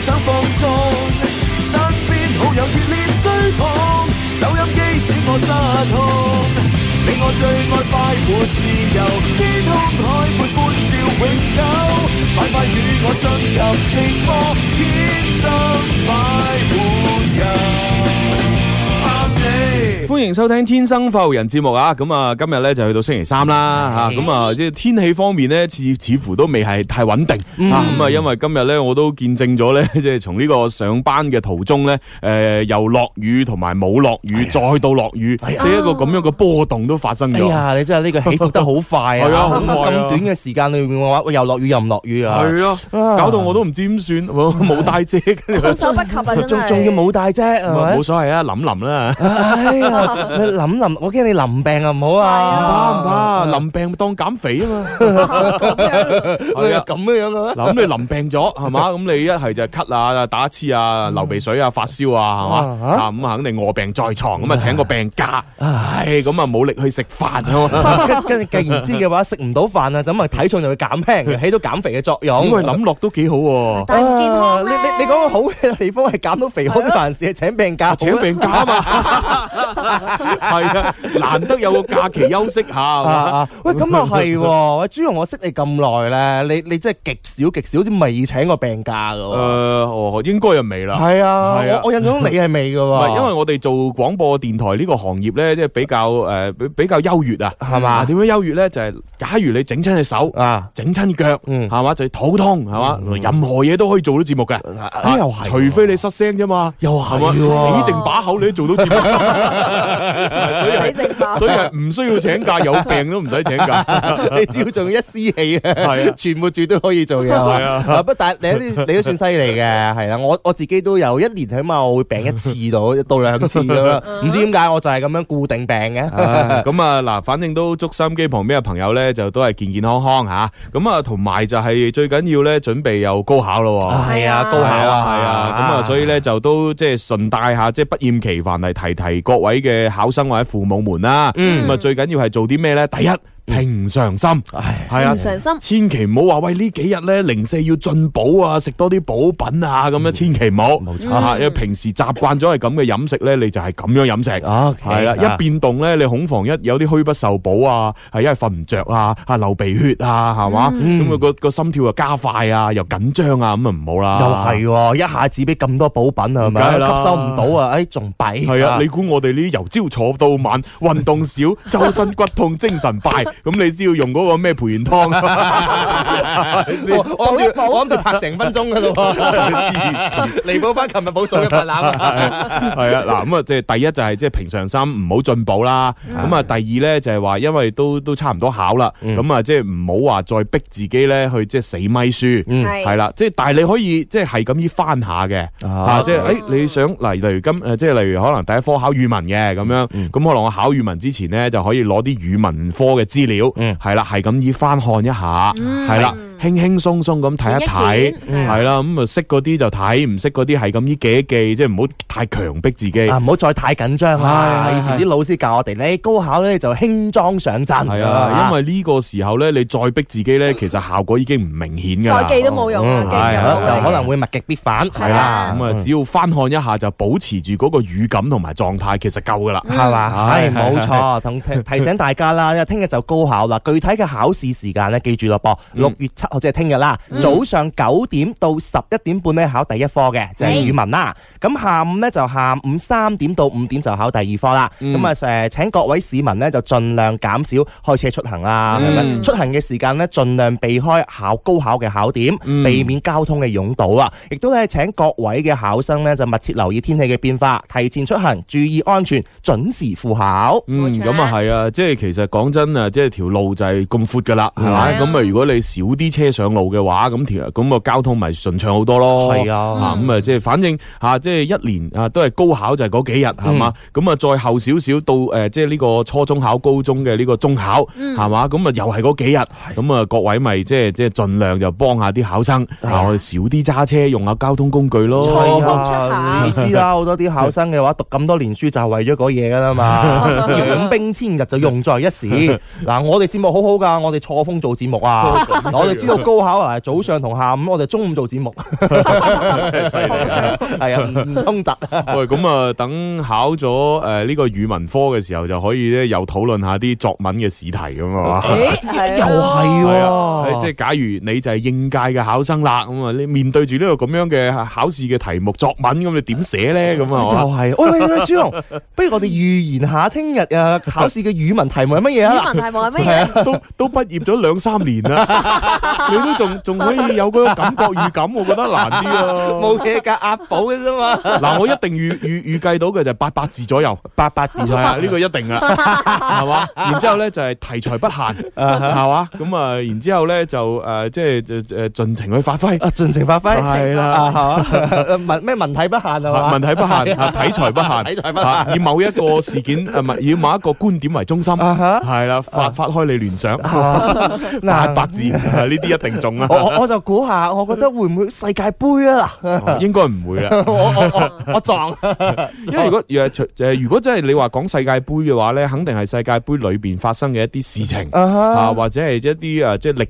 想放縱，身邊好友熱烈追捧，收音機使我失控。你我最愛快活自由，天空海闊歡笑永久，快快與我進入直播天生快活人。歡迎收聽天生快活人節目啊！咁啊，今日咧就去到星期三啦吓，咁啊，即係天氣方面咧，似似乎都未係太穩定啊！咁啊，因為今日咧，我都見證咗咧，即係從呢個上班嘅途中咧，誒，由落雨同埋冇落雨，再到落雨，即係一個咁樣嘅波動都發生咗。哎呀，你真係呢個起伏得好快、哎、呀啊！咁短嘅時間裏面嘅話，又落雨又唔落雨啊！係、哎、啊，搞到我都唔知點算，冇帶遮，措手不及啊！仲要冇帶遮，冇所謂啊，淋淋啦。你諗諗，我驚你淋病啊，唔好啊，怕唔怕？淋病當減肥啊嘛，係啊咁嘅樣啊。嗱咁你淋病咗係嘛？咁你一係就係咳啊、打乞嗤啊、流鼻水啊、發燒啊係嘛？啊咁啊肯定臥病在床，咁啊請個病假，唉咁啊冇力去食飯啊嘛。跟跟住，既然知嘅話，食唔到飯啊，咁啊體重就會減輕，起到減肥嘅作用。咁啊諗落都幾好喎。但係你你你講個好嘅地方係減到肥，好多閒事，請病假，請病假啊嘛。係 啊，難得有個假期休息下、 啊啊、喂，咁又係，朱紅，我識你咁耐咧，你你真係極少極少啲未請過病假噶。誒、呃，應該又未啦。係啊，啊，我我印象你係未噶。唔係，因為我哋做廣播電台呢個行業咧，即、就、係、是、比較誒、呃、比較優越啊，係嘛？點樣優越咧？就係、是、假如你整親隻手啊，整親腳，嗯，係嘛，就是、肚痛，係嘛、嗯嗯，任何嘢都可以做到節目嘅。咁又係？除非你失聲啫嘛。又係死、啊、剩把口，你都做到節目、啊。 所以所以係唔需要請假，有病都唔使請假， 你只要做一絲氣，係啊，全部住都可以做嘢，係啊，不，但係你你都算犀利嘅，係啦、啊，我我自己都有一年起碼我會病一次 到到兩次咁樣，唔知點解我就係咁樣固定病嘅。咁 啊嗱、啊，反正都祝收音機，旁邊嘅朋友咧就都係健健康康吓、啊，咁啊同埋就係最緊要咧準備又高考咯，係啊，啊，啊，啊，啊，高考啊，係啊，咁啊，啊，啊，啊所以咧就都即係順帶下即係、就是、不厭其煩嚟提提各位。嘅考生或者父母們啦、啊，嗯，咁啊最緊要係做啲咩咧？第一。平常心，係啊，平常心，啊、千祈唔好話喂幾，呢幾日咧零四要進補啊，食多啲補品啊咁樣，千祈唔好冇啊！因為平時習慣咗係咁嘅飲食咧、嗯，你就係咁樣飲食，係、嗯、啦、啊嗯，一變動咧，你恐防一有啲虛不受補啊，係一係瞓唔着啊，啊流鼻血啊，係嘛，咁佢個個心跳又加快啊，又緊張啊，咁啊唔好啦。又係喎、啊，一下子俾咁多補品啊，吸收唔到啊，哎，仲弊、啊。係啊，啊，你估我哋呢啲由朝坐到晚，運動少，周 身骨痛，精神敗。咁你先要用嗰個咩培元湯？我我諗住拍成分鐘噶咯，彌補翻琴日補數嘅笨卵。係啊，嗱咁啊，即係第一就係即係平常心，唔好進步啦。咁啊，第二咧就係話，因為都都差唔多考啦，咁啊，即係唔好話再逼自己咧去即係死咪書。係啦，即係、嗯嗯、但係你可以即係係咁依翻下嘅，啊，即係誒，你想嗱，例如今誒，即係例如可能第一科考語文嘅咁樣，咁可能我考語文之前咧就可以攞啲語文科嘅資料。嗯，係啦，係咁以翻看一下，係啦。嗯是輕輕鬆鬆咁睇一睇，係啦，咁、嗯、啊、嗯、識嗰啲就睇，唔識嗰啲係咁依記一記，即係唔好太強迫自己。啊，唔好再太緊張喇、哎！以前啲老師教我哋咧，哎、你高考咧就輕裝上陣。係啊，因為呢個時候咧，你再逼自己咧，其實效果已經唔明顯㗎。再記都冇用,、啊哦嗯、用，係就可能會物極必反。係啦咁啊，只要翻看一下就保持住嗰個語感同埋狀態，其實夠㗎啦，係、嗯、嘛？係冇、哎哎、錯，同 提醒大家啦，聽日就高考啦。具體嘅考試時間咧，記住咯噃，六月七。好即係聽日啦，早上九點到十一點半咧考第一科嘅，就係語文啦。咁下午咧就下午三點到五點就考第二科啦。咁啊請各位市民咧就盡量減少開車出行啦、嗯，係咪？出行嘅時間咧盡量避開考高考嘅考點，避免交通嘅擁堵啊。亦都係請各位嘅考生咧就密切留意天氣嘅變化，提前出行，注意安全，準時赴考。嗯，咁啊係啊，即係其實講真啊，即係條路就係咁闊噶啦，係咪？咁啊如果你少啲。車上路嘅話，咁條咁啊交通咪順暢好多咯。係啊，咁、嗯、啊即係反正吓，即係一年啊都係高考就係嗰幾日係嘛，咁、嗯、啊再後少少到誒，即係呢個初中考高中嘅呢個中考係嘛，咁、嗯、啊又係嗰幾日，咁啊各位咪即係即係盡量就幫下啲考生，啊我哋少啲揸車，用下交通工具咯。財富、啊、你知啦，好 多啲考生嘅話讀咁多年書就係為咗嗰嘢噶啦嘛，養 兵千日就用在一時。嗱， 我哋節目好好噶，我哋錯峰做節目啊，呢到高考啊！早上同下午，我哋中午做節目， 真係犀利啊！係 啊，唔衝突。喂，咁啊，等考咗誒呢個語文科嘅時候，就可以咧又討論下啲作文嘅試題咁、okay，啊。誒、欸，又係喎、啊啊，即係假如你就係應屆嘅考生啦，咁啊，你面對住呢個咁樣嘅考試嘅題目、作文，咁你點寫咧？咁啊，又係喂喂，朱紅， 不如我哋預言下聽日啊考試嘅語文題目係乜嘢啊？語文題目係乜嘢？都都畢業咗兩三年啦。 你都仲仲可以有嗰個感覺預感，我覺得難啲咯。冇嘢噶，押寶嘅啫嘛。嗱，我一定預預預計到嘅就八百字左右，八百字係啊，呢個一定啊，係嘛。然之後咧就係題材不限，係嘛。咁啊，然之後咧就誒，即係誒誒，盡情去發揮，盡情發揮，係啦，係嘛。文咩文體不限啊？文體不限啊，題材不限，題材不限，以某一個事件係咪？以某一個觀點為中心，係啦，發發開你聯想，八百字啊呢啲。一定中啊！我我就估下，我覺得會唔會世界杯啊啦？應該唔會啦。我我我我撞，因為如果若係除誒，如果真係你話講世界杯嘅話咧，肯定係世界杯裏邊發生嘅一啲事情啊，或者係一啲誒，即係歷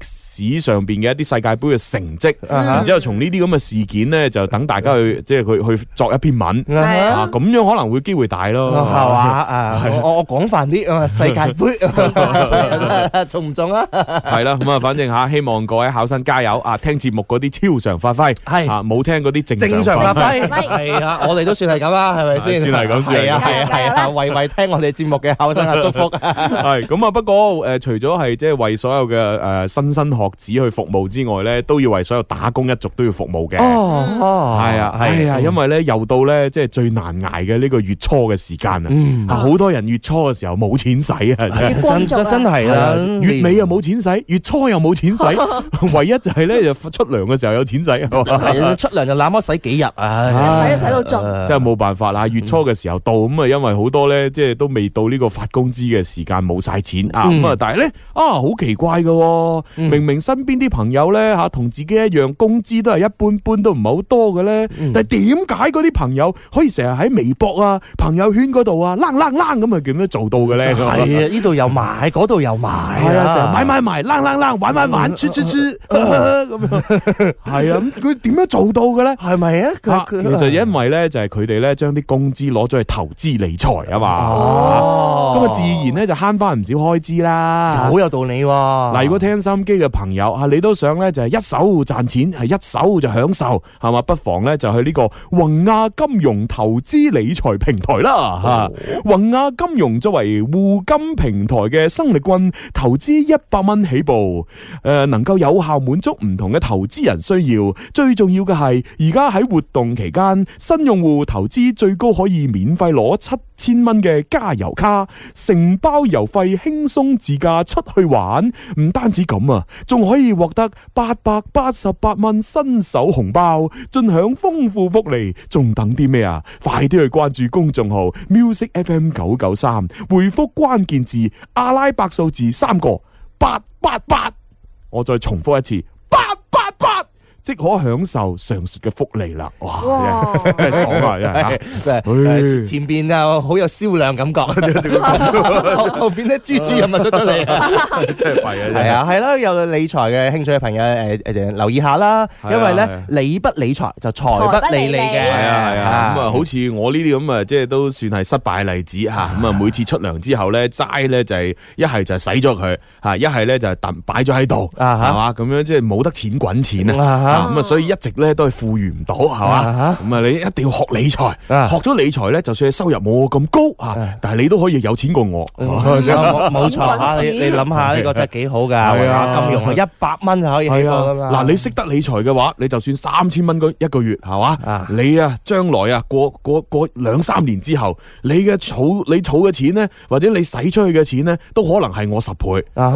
史上邊嘅一啲世界杯嘅成績，然之後從呢啲咁嘅事件咧，就等大家去即係去去作一篇文啊，咁樣可能會機會大咯，係嘛啊？我我廣泛啲啊，世界杯中唔中啊？係啦，咁啊，反正吓希望。各位考生加油啊！聽節目嗰啲超常發揮，係啊，冇聽嗰啲正常發揮，係啊，我哋都算係咁啦，係咪先？算係咁算係啊！係啊！為為聽我哋節目嘅考生啊，祝福啊！係咁啊！不過誒，除咗係即係為所有嘅誒莘莘學子去服務之外咧，都要為所有打工一族都要服務嘅。哦哦，係啊，係啊，因為咧又到咧即係最難挨嘅呢個月初嘅時間啊！嗯，好多人月初嘅時候冇錢使啊，真真真係啊！月尾又冇錢使，月初又冇錢使。唯一就係咧，就出糧嘅時候有錢使，哎、出糧就攬么使幾日啊，使都使到盡，即係冇辦法啦。月初嘅時候到咁啊，因為好多咧，即係都未到呢個發工資嘅時間，冇晒錢啊、嗯。咁啊，但係咧啊，好奇怪嘅、啊，明明身邊啲朋友咧吓同自己一樣，工資都係一般般，都唔係好多嘅咧。但係點解嗰啲朋友可以成日喺微博啊、朋友圈嗰度啊，啷啷啷咁啊，點樣做到嘅咧？係啊，呢度又買，嗰度又買，係啊，成日買買買，啷啷啷，買買買，咁樣係啊？佢點樣做到嘅咧？係咪啊？其實因為咧就係佢哋咧將啲工資攞咗去投資理財啊嘛。哦，咁啊自然咧就慳翻唔少開支啦。好有道理喎。嗱，如果聽心機嘅朋友吓，你都想咧就係一手賺錢，係一手就享受，係嘛？不妨咧就去呢個宏亞金融投資理財平台啦。吓、哦，宏亞金融作為互金平台嘅生力軍，投資一百蚊起步，誒、呃，能夠。有效滿足唔同嘅投資人需要，最重要嘅係而家喺活動期間，新用戶投資最高可以免費攞七千蚊嘅加油卡，承包油費輕鬆自駕出去玩。唔單止咁啊，仲可以獲得八百八十八蚊新手紅包，盡享豐富福利。仲等啲咩啊？快啲去關注公眾號 music FM 九九三，回覆關鍵字阿拉伯數字三個八八八。我再重複一次，八八八。即可享受上述嘅福利啦！哇，真係爽啊！吓、啊哎，前前邊啊好有銷量感覺，後邊咧豬豬又咪出得嚟，真係弊啊！係 啊，係 咯、啊啊，有理財嘅興趣嘅朋友誒誒留意下啦、啊，因為咧、啊、理不理財就財不理你嘅，係啊係啊，咁啊好似我呢啲咁啊，即係都算係失敗例子吓，咁啊，啊每次出糧之後咧齋咧就係一係就使咗佢吓，一係咧就係躉擺咗喺度，係嘛，咁樣即係冇得錢滾錢啊！啊咁啊，所以一直咧都係富裕唔到，係嘛？咁啊，你一定要學理財，學咗理財咧，就算你收入冇我咁高啊，但係你都可以有錢過我。冇錯啊，你你諗下呢個真係幾好噶，玩下金融，一百蚊就可以起波噶嘛。嗱，你識得理財嘅話，你就算三千蚊嗰一個月，係嘛？你啊，將來啊，過過過兩三年之後，你嘅儲你儲嘅錢咧，或者你使出去嘅錢咧，都可能係我十倍。啊，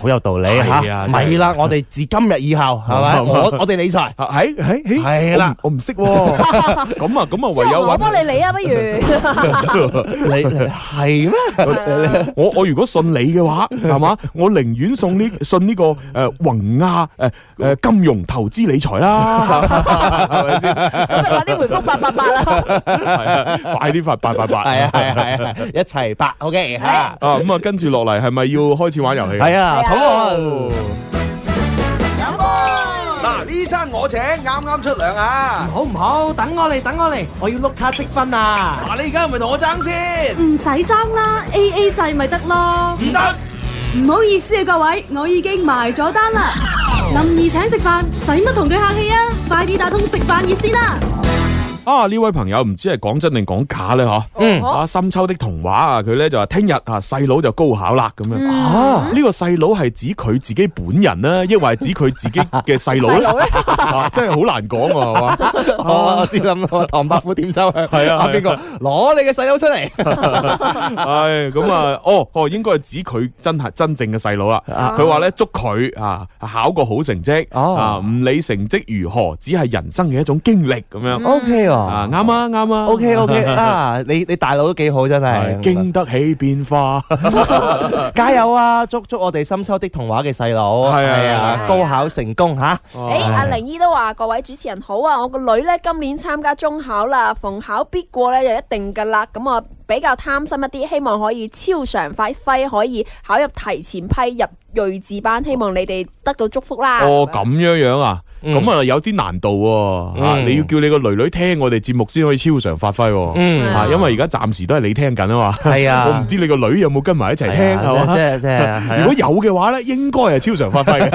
好有道理啊，係啊，唔係啦，我哋自今日以後。係咪？我我哋理財，係係，係啦，我唔識喎。咁啊，咁啊，唯有我幫你理啊，不如，你係咩？我我如果信你嘅話，係嘛？我寧願信呢信呢個誒宏亞誒誒金融投資理財啦，係咪先？快啲回覆八八八啦！快啲發八八八！係啊係啊係啊，一齊八，OK，係啊。啊咁啊，跟住落嚟係咪要開始玩遊戲？係啊，好。依餐，我請，啱啱出糧啊！唔好唔好？等我嚟，等我嚟，我要碌卡積分啊！嗱，你而家係咪同我爭先？唔使爭啦，A A 制咪得咯。唔、啊、得，唔、啊啊啊啊啊啊啊、好意思啊，各位，我已經埋咗單啦、啊。林兒請食飯，使乜同佢客氣啊？快啲打通食飯意思啦！啊！呢位朋友唔知係講真定講假咧？吓，嗯。啊，深秋的童話呢啊，佢咧就話聽日啊細佬就高考啦咁樣、嗯。啊！呢、呢個細佬係指佢自己本人呢，抑或係指佢自己嘅細佬咧？啊，真係好難講 啊！哇、啊！我知諗唐伯虎點秋香係啊？邊個攞你嘅細佬出嚟？係咁啊！哦、啊、哦，應該係指佢真係真正嘅細佬啦。佢話咧祝佢啊，考個好成績啊，唔、啊、理成績如何，只係人生嘅一種經歷咁樣。O、嗯、K。啊啱啊啱啊，OK、啊啊啊啊啊、OK，啊你你，啊你，你大佬都幾好真係，經得起變化，啊、 加油啊，祝祝我哋深秋的童話嘅細佬，係啊，啊，啊高考成功吓。誒、啊，阿、啊、玲、啊啊、姨都話各位主持人好啊，我個女呢今年參加中考啦，逢考必過呢就一定噶啦，咁啊比較貪心一啲，希望可以超常發揮，可以考入提前批入睿智班，希望你哋得到祝福啦。哦，咁樣樣啊。咁啊，有啲難度喎，你要叫你個女女聽我哋節目先可以超常發揮。啊，嗯因為而家暫時都係你聽緊啊嘛，啊！我唔知你個女有冇跟埋一齊聽即係即係，如果有嘅話咧，應該係超常發揮嘅；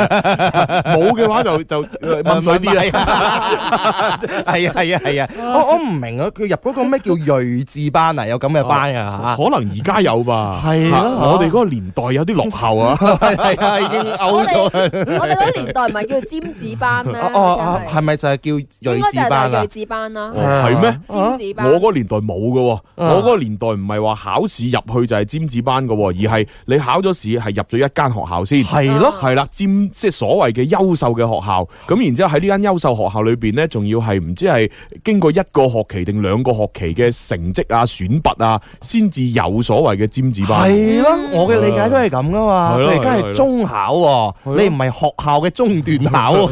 冇嘅、啊、話， 話就就問水啲啦。係啊係啊係啊！我我唔明啊，佢、 啊啊啊啊 哦、入嗰個咩叫睿智班啊？有咁嘅班啊？哦、可能而家有吧？係咯、啊啊，我哋嗰個年代有啲落後啊， 啊我哋嗰個年代咪叫尖子班啊啊啊！係咪就係叫睿智班啊？應該就係睿智班啦。係咩？尖子班？我嗰個年代冇噶，我嗰個年代唔係話考試入去就係尖子班噶，而係你考咗試係入咗一間學校先。係咯、啊，係啦、啊，尖即係所謂嘅優秀嘅學校。咁然之後喺呢間優秀學校裏邊咧，仲要係唔知係經過一個學期定兩個學期嘅成績啊、選拔啊，先至有所謂嘅尖子班。係咯、啊，我嘅理解都係咁噶嘛。你而家係中考，啊、你唔係學校嘅中段考。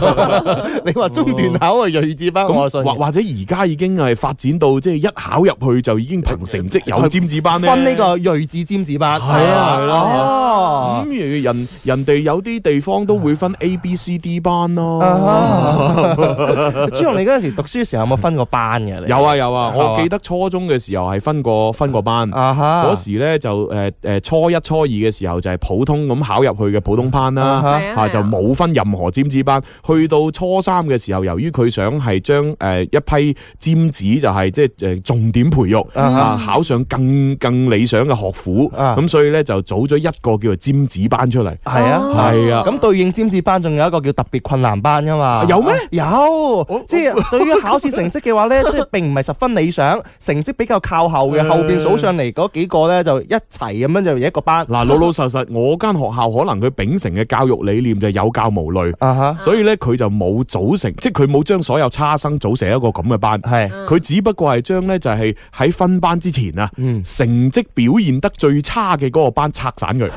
你話中段考係睿智班，我信。或或者而家已經係發展到即係、就是、一考入去就已經憑成績有尖子班呢分呢個睿智尖子班，係啊係咯。咁如、啊啊啊、人人哋有啲地方都會分 A、啊、B、C、D 班啦。朱雄，你嗰陣時讀書嘅時候有冇分過班嘅？ 有啊有啊，我記得初中嘅時候係分過分過班。啊、uh、嗰 -huh. 時咧就誒誒初一初二嘅時候就係普通咁考入去嘅普通班啦，吓、uh -huh. uh -huh. 就冇分任何尖子班。去到初初三嘅時候，由於佢想係將誒一批尖子就係即係誒重點培育啊，uh -huh. 考上更更理想嘅學府，咁、uh -huh. 所以咧就組咗一個叫做尖子班出嚟。係、uh -huh. 啊，係啊，咁、啊、對應尖子班仲有一個叫特別困難班噶、啊、嘛？有咩？Uh -huh. 有，uh -huh. 即係對於考試成績嘅話咧，uh -huh. 即係並唔係十分理想，uh -huh. 成績比較靠後嘅，後邊數上嚟嗰幾個咧就一齊咁樣就一個班。嗱，老老實實，我間學校可能佢秉承嘅教育理念就有教無類，uh -huh. 所以咧佢就冇。冇組成，即係佢冇將所有差生組成一個咁嘅班。係，佢只不過係將咧就係喺分班之前啊，嗯成績表現得最差嘅嗰個班拆散佢，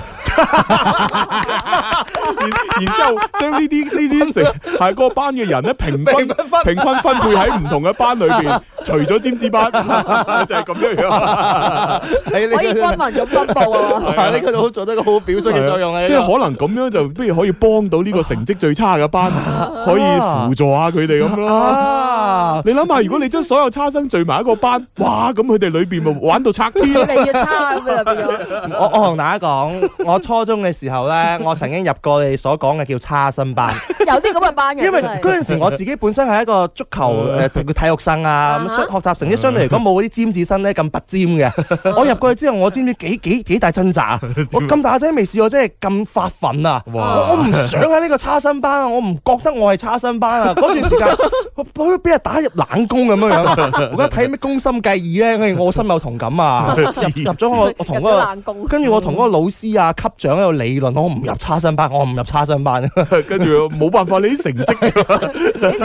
嗯、 然之後將呢啲呢啲成係嗰個班嘅人咧平均平均分，分，分，分配喺唔同嘅班裏邊，除咗尖子班就係咁樣樣、哎。可以均勻咁分布啊！你今日好做得個好表率嘅作用咧，即、就、係、是、可能咁樣就不如可以幫到呢個成績最差嘅班。輔助下佢哋咁咯，啊、你諗下，如果你將所有差生聚埋一個班，哇，咁佢哋裏邊咪玩到拆天？你嘅差喎！我我同大家講，我初中嘅時候呢，我曾經入過你所講嘅叫差生班。 有啲咁嘅班嘅，因為嗰陣時我自己本身係一個足球誒體育生啊，咁 學學習成績相對嚟講冇嗰啲尖子生咧咁拔尖嘅。 我入過去之後，我知唔知幾幾幾大掙扎啊？ 我咁大仔未試過，真係咁發憤啊！我唔想喺呢個差生班啊！我唔覺得我係差生班啊！嗰 段時間，俾人打入冷宮咁樣樣， 我而家睇咩宮心計二咧，我心有同感啊！ 入入咗我同嗰、那個，跟住我同嗰個老師啊級長喺度理論，我唔入差生班，我唔入差生班，跟住冇 你啲成績，你成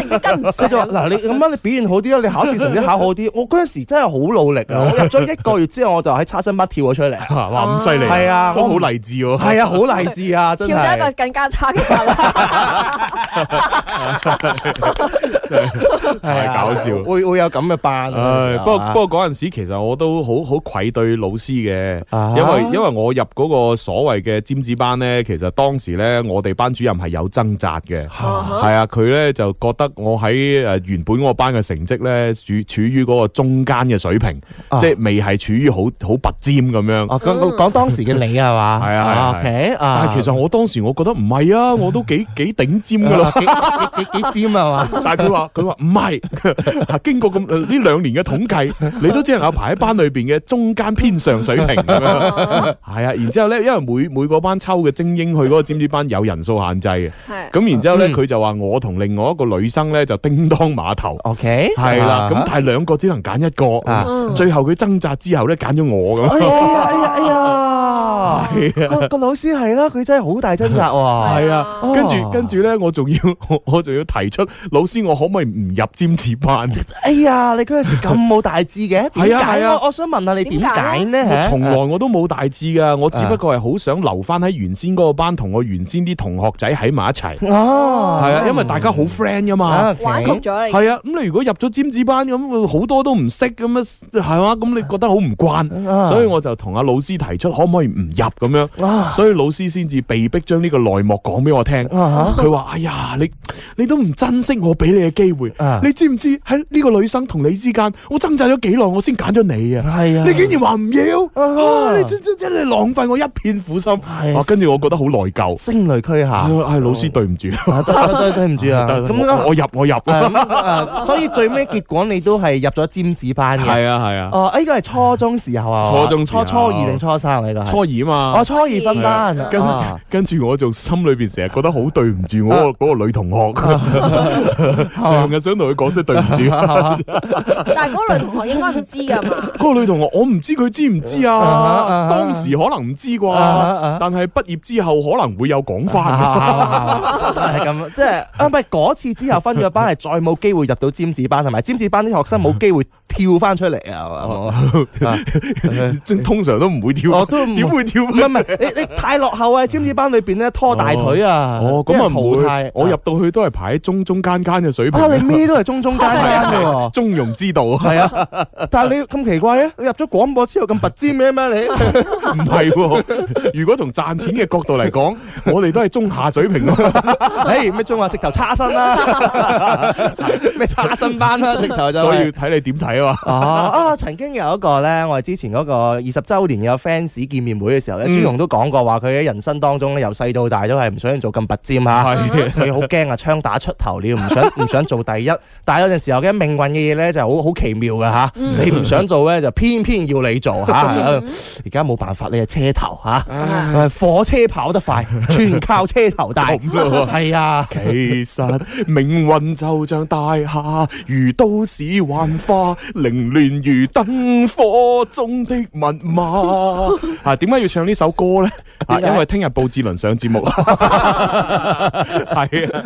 績跟唔上。嗱， 你咁樣你表現好啲啦，你考試成績考好啲。我嗰陣時真係好努力啊！我入咗一個月之後，我就喺差生班跳咗出嚟，話咁犀利，係啊，好、啊啊、勵志喎，係啊，好、啊、勵志啊，真係跳咗一個更加差嘅班啦， 啊、搞笑！會會有咁嘅班、啊哎那啊？不過不過嗰陣時其實我都好好愧對老師嘅、啊，因為因為我入嗰個所謂嘅尖子班咧，其實當時咧我哋班主任係有掙扎嘅。係啊，佢、啊、咧、啊、就覺得我喺誒原本我班嘅成績咧處處於嗰個中間嘅水平，啊、即係未係處於好好拔尖咁樣。講、啊、講、啊嗯、當時嘅你係嘛？係啊。OK 啊，啊 okay, uh, 但係其實我當時我覺得唔係啊，我都幾幾頂尖噶咯，幾尖的、啊、幾,幾,幾尖係、啊、嘛？ 啊、 但係佢話佢話唔係，經過咁呢兩年嘅統計， 你都只能夠排喺班裏邊嘅中間偏上水平。係啊,啊,啊,啊,啊，然之後咧，因為每每個班抽嘅精英去嗰個尖子班有人數限制嘅，咁、啊啊、然。之後咧，佢就話我同另外一個女生咧就叮噹碼頭，OK，係啦、啊，咁但係兩個只能揀一個，啊、最後佢掙扎之後咧揀咗我咁。哎呀 係啊，個老師係啦，佢真係好大掙扎喎。係啊，跟住跟住咧，我仲要我仲要提出老師，我可唔可以唔入尖子班？哎呀，你嗰陣時咁冇大志嘅，係啊啊，我想問下你點解呢，呢？我從來我都冇大志噶、啊，我只不過係好想留翻喺原先嗰個班，同我原先啲同學仔喺埋一齊。係啊，啊、嗯，因為大家好 friend 噶嘛，熟、okay? 係啊，咁你如果入咗尖子班咁，好多都唔識咁嘛，係嘛、啊？咁你覺得好唔慣，所以我就同阿老師提出可唔可以唔入。咁樣，所以老師先至被逼將呢個內幕講俾我聽。佢話：哎呀，你你都唔珍惜我俾你嘅機會，你知唔知喺呢個女生同你之間，我掙扎咗幾耐，我先揀咗你啊！係啊，你竟然話唔要，啊、你浪費我一片苦心。跟、哎、住我覺得好內疚。聲淚俱下，哎、老師對唔住，對唔住啊我！我入我入、啊，所以最尾結果你都係入咗尖子班嘅。係啊係啊，哦、啊，呢個係初中時候啊，初中初初二定初三嚟噶？初二啊嘛。我、喔、初二分班，啊就是啊、跟跟住我就心裏邊成日覺得好對唔住我個個女同學，成日、啊、想同佢講聲對唔住、啊，但係嗰個女同學應該唔知噶嗰 個女同學我唔知佢知唔知啊，啊，啊，當時可能唔知啩，但係畢業之後可能會有講翻，係、啊、咁，即係啊唔係嗰、啊 啊啊、次之後分咗班係 再冇機會入到尖子班係咪？尖子班啲學生冇機會。跳翻出嚟、哦、啊，啊！通常都唔會跳，點、哦、會跳？唔係唔係你你太落後啊！尖子班裏邊咧拖大腿啊！哦，咁啊唔會，我入到去都係排喺中中間間嘅水平。啊、你咩都係中中間間嘅，中庸之道。係啊，啊，但係你咁奇怪咧？你入咗廣播之後咁拔尖咩咩？你唔係喎。如果從賺錢嘅角度嚟講，我哋都係中下水平咯。哎， 咩中下、啊？直頭差生啦、啊，咩 差生班啦、啊，直頭就、啊。所以睇你點睇啊？哦哦，曾經有一個呢，我哋之前嗰個二十週年有 fans 見面會嘅時候呢，朱蓉都講過話，佢喺人生當中咧，由細到大都係唔想做咁拔尖嚇，的啊、所以好驚啊！槍打出頭鳥，唔想唔想做第一， 但係有陣時候嘅命運嘅嘢呢，就好好奇妙嘅嚇、啊，你唔想做呢，就偏偏要你做嚇。而家冇辦法，你係車頭嚇，啊啊、火車跑得快 全靠車頭帶，係啊。 其實命運就像大廈，如都市幻化。 凌亂如燈火中的密碼啊！點解要唱呢首歌咧？啊，因為聽日布志倫上節目 啊，係啊，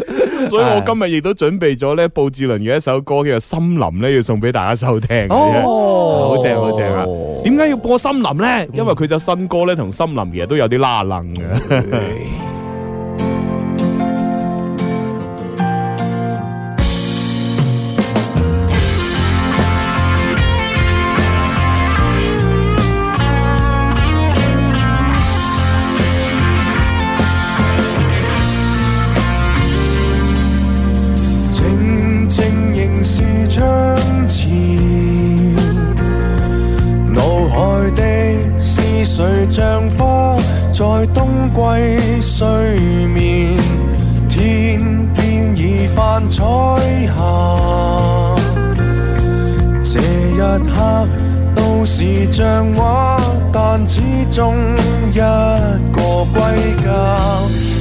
所以我今日亦都準備咗咧，布志倫嘅一首歌叫做《森林》咧，要送俾大家收聽。哦，好正好正啊！點解要播《森林》咧？因為佢隻新歌咧，同《森林》其實都有啲拉楞嘅。是像話，但始終一個歸家。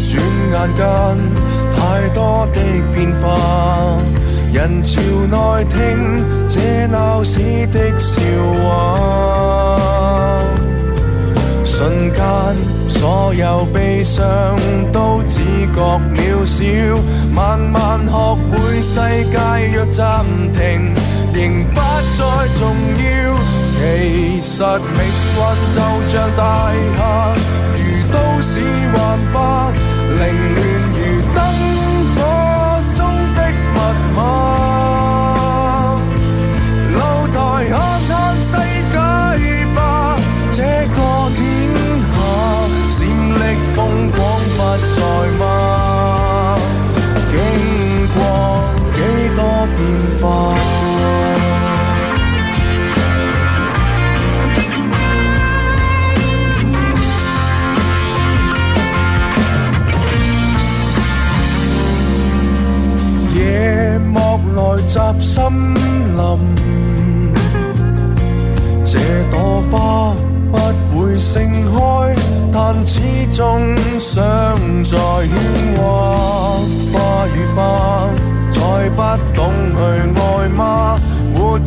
轉眼間，太多的變化，人潮內聽這鬧市的笑話。瞬間，所有悲傷都只覺渺小。慢慢學會，世界若暫停，仍不再重要。其實命運就像大廈，如都市幻化凌亂。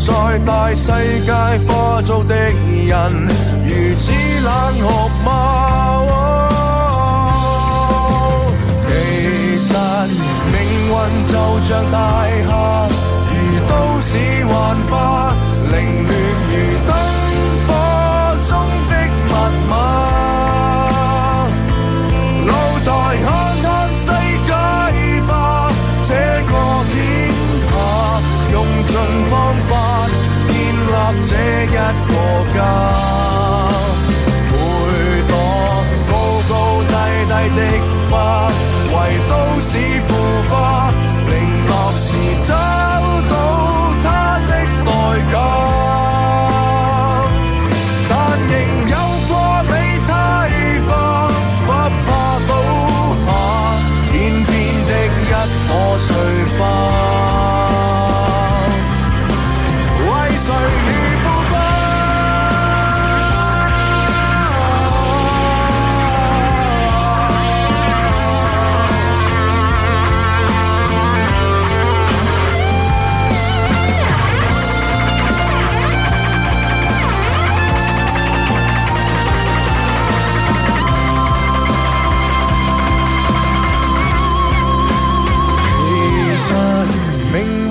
在大世界化做的人，如此冷酷嗎？其實命運就像大廈，如都市幻化。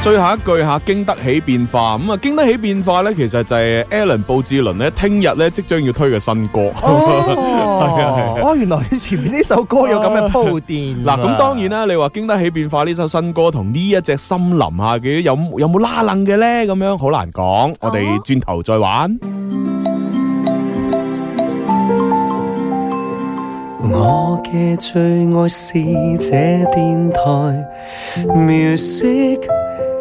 最後一句吓，經得起變化咁啊！經、嗯、得起變化咧，其實就係 Alan 布志倫咧，聽日咧即將要推嘅新歌哦 的。哦，原來前面呢首歌有咁嘅鋪墊。嗱、 啊，咁當然啦，你話經得起變化呢首新歌同呢一隻森林啊，有有冇拉楞嘅咧？咁樣好難講、哦。我哋轉頭再玩。我嘅最愛是這電台，Music。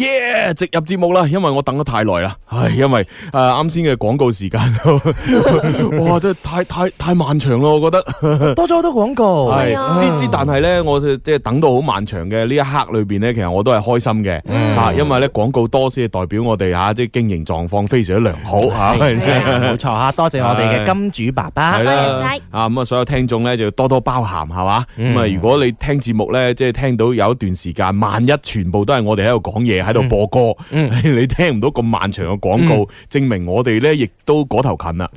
耶、yeah！直入節目啦，因為我等得太耐啦。係因為誒啱先嘅廣告時間， 哇！真係太太太漫長咯，我覺得多咗好多廣告係。之之、啊啊，但係咧，我即係等到好漫長嘅呢一刻裏邊咧，其實我都係開心嘅嚇、嗯啊，因為咧廣告多先係代表我哋嚇即係經營狀況非常之良好嚇。冇、嗯啊啊、錯嚇、啊，多謝我哋嘅金主爸爸，多、啊、謝啊咁啊！所有聽眾咧就要多多包涵係嘛？咁啊！如果你聽節目咧，即、就、係、是、聽到有一段時間，萬一全部都係我哋喺度講嘢。喺、嗯、度播歌，嗯、你聽唔到咁漫長嘅廣告，證明我哋咧亦都嗰頭近啦。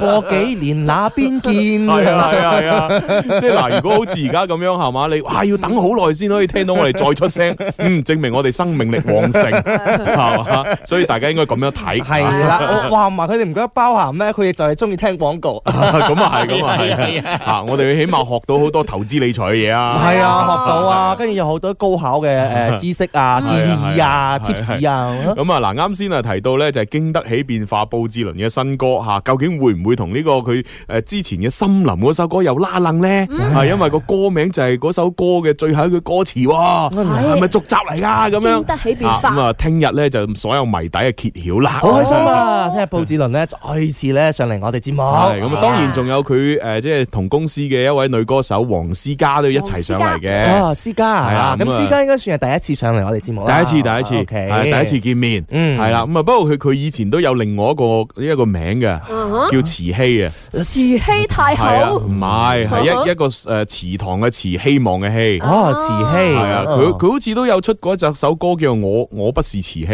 過幾年那邊見，係啊係啊，係啊。即係嗱，如果好似而家咁樣係嘛，你哇要等好耐先可以聽到我哋再出聲，嗯，證明我哋、嗯 啊啊啊 嗯、生命力旺盛，係 嘛，所以大家應該咁樣睇。係啦、啊啊，我話埋佢哋唔覺得包含咩？佢哋就係中意聽廣告，咁啊係，咁啊係啊。我哋起碼學到好多投資理財嘅嘢啊，係啊，啊，學到啊，跟住有好多高考嘅。誒、呃，知識啊，建議啊，貼、嗯、士啊，咁啊嗱，啱先啊提到咧、就是，就係經得起變化，鮑志倫嘅新歌吓，究竟會唔會同呢個佢誒之前嘅森林嗰首歌又拉楞咧？係、嗯、因為個歌名就係嗰首歌嘅最後一句歌詞喎、啊，係咪續集嚟噶？咁樣，經得起變化。咁啊，聽日咧就所有謎底嘅揭曉啦，好、哦、開心啊！聽日鮑志倫咧再次咧上嚟我哋節目，係咁啊，當然仲有佢誒，即係同公司嘅一位女歌手黃思嘉都一齊上嚟嘅，啊、哦，思嘉，係啊，咁思嘉應該算。第一次上嚟我哋節目，第一次第一次、啊 okay, 啊、第一次見面，係啦咁啊。不過佢佢以前都有另外一個一個名嘅，啊，叫慈禧嘅啊。慈禧太后，唔係係一一個誒祠堂嘅慈希望嘅希啊。慈禧係啊，佢佢、啊、好似都有出過一首歌叫，叫我我不是慈禧，即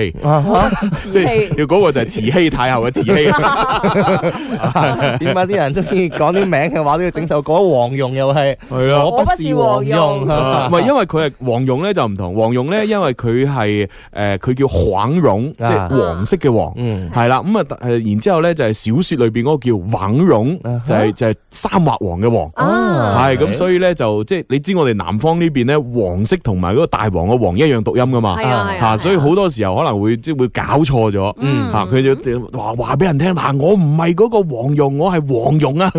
係叫嗰個就係慈禧太后嘅慈禧。點解啲人中意講啲名嘅話都要整首歌？黃蓉又係係啊，我不是黃蓉，唔、啊、係因為佢係黃蓉咧就唔同。啊 黃蓉咧，因為佢係誒，佢叫黃蓉，即、就、係、是、黃色嘅黃，嗯係啦。咁啊，誒、啊，然之後咧就係小說裏邊嗰個叫黃蓉、啊，就係、是、就係、是、三畫王嘅王，係、啊、咁、啊。所以咧就即係你知我哋南方呢邊咧，黃色同埋嗰個大王嘅王一樣讀音噶嘛，吓、啊。所以好多時候可能會即係、啊、會搞錯咗，嗯吓佢就話話俾人聽，嗱我唔係嗰個黃蓉，我係黃蓉啊，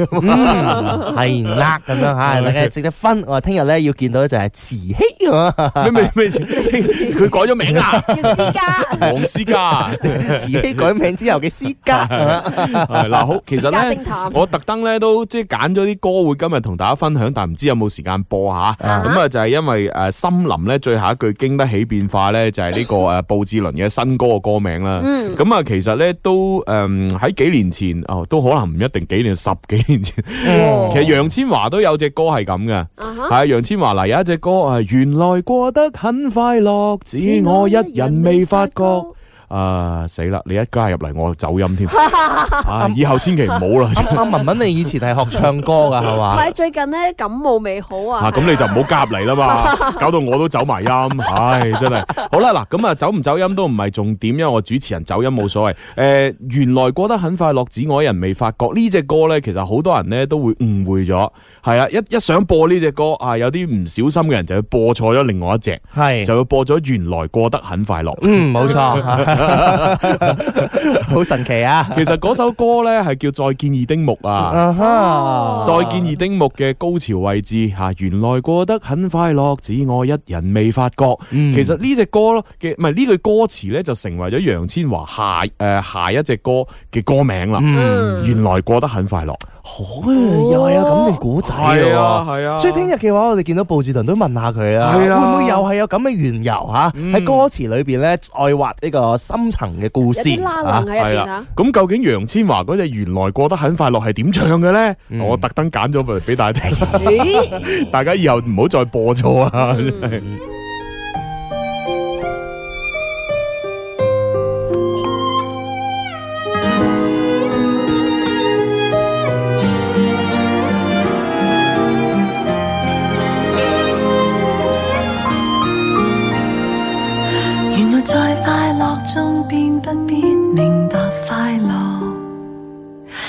係、 嗯、啦咁樣吓。大家積得分，我聽日咧要見到就係慈禧。咩咩咩？佢改咗名啊！叫 王思嘉，黃思嘉，自己改名之後嘅思嘉。嗱好，其實咧呢笑，我特登咧都即係揀咗啲歌會今日同大家分享，但唔知有冇時間播吓。咁啊，就係因為誒，森林咧最後一句經得起變化咧，就係呢個誒，布志綸嘅新歌嘅歌名啦。咁啊，其實咧都誒喺幾年前哦，都可能唔一定幾年，十幾年前、嗯， 其實楊千嬅都有隻歌係咁嘅。係啊，楊千嬅嗱，有一隻歌啊，原來過得很快樂，只我一人未發覺。啊死啦！你一加入嚟，我走音添 以後千祈唔好啦。阿文文，啊、文文你以前係學唱歌噶係嘛？唔係 最近咧感冒未好啊。咁、啊、你就唔好夾嚟啦嘛， 搞到我都走埋音，唉，真係。好啦，嗱，咁啊，走唔走音都唔係重點，因為我主持人走音冇所謂。誒、呃，原來過得很快樂，只我一人未發覺呢隻歌咧，其實好多人咧都會誤會咗。係啊，一一想播呢隻歌啊，有啲唔小心嘅人就，錯就要播錯咗另外一隻，係就要播咗原來過得很快樂。 嗯，冇沒錯。 好 神奇啊！其實嗰首歌呢，係叫《再見二丁目》啊，uh -huh《再見二丁目》嘅高潮位置吓，原來過得很快樂，只我一人未發覺。Mm. 其實呢隻歌咯嘅，唔係呢句歌詞呢，就成為咗楊千嬅下誒下一隻歌嘅歌名啦。Mm. 原來過得很快樂。哦、是有這樣的是啊，又係啊！咁嘅古仔喎，係啊，所以聽日嘅話，我哋見到布志綸都問下佢啊，會唔會又係有咁嘅緣由吓？喺、嗯、歌詞裏邊咧，再畫呢個深層嘅故事係啦。咁、啊、究竟楊千嬅嗰隻原來過得很快樂係點唱嘅咧、嗯？我特登揀咗嚟俾大家聽， 大家以後唔好再播錯啊、嗯！真係。嗯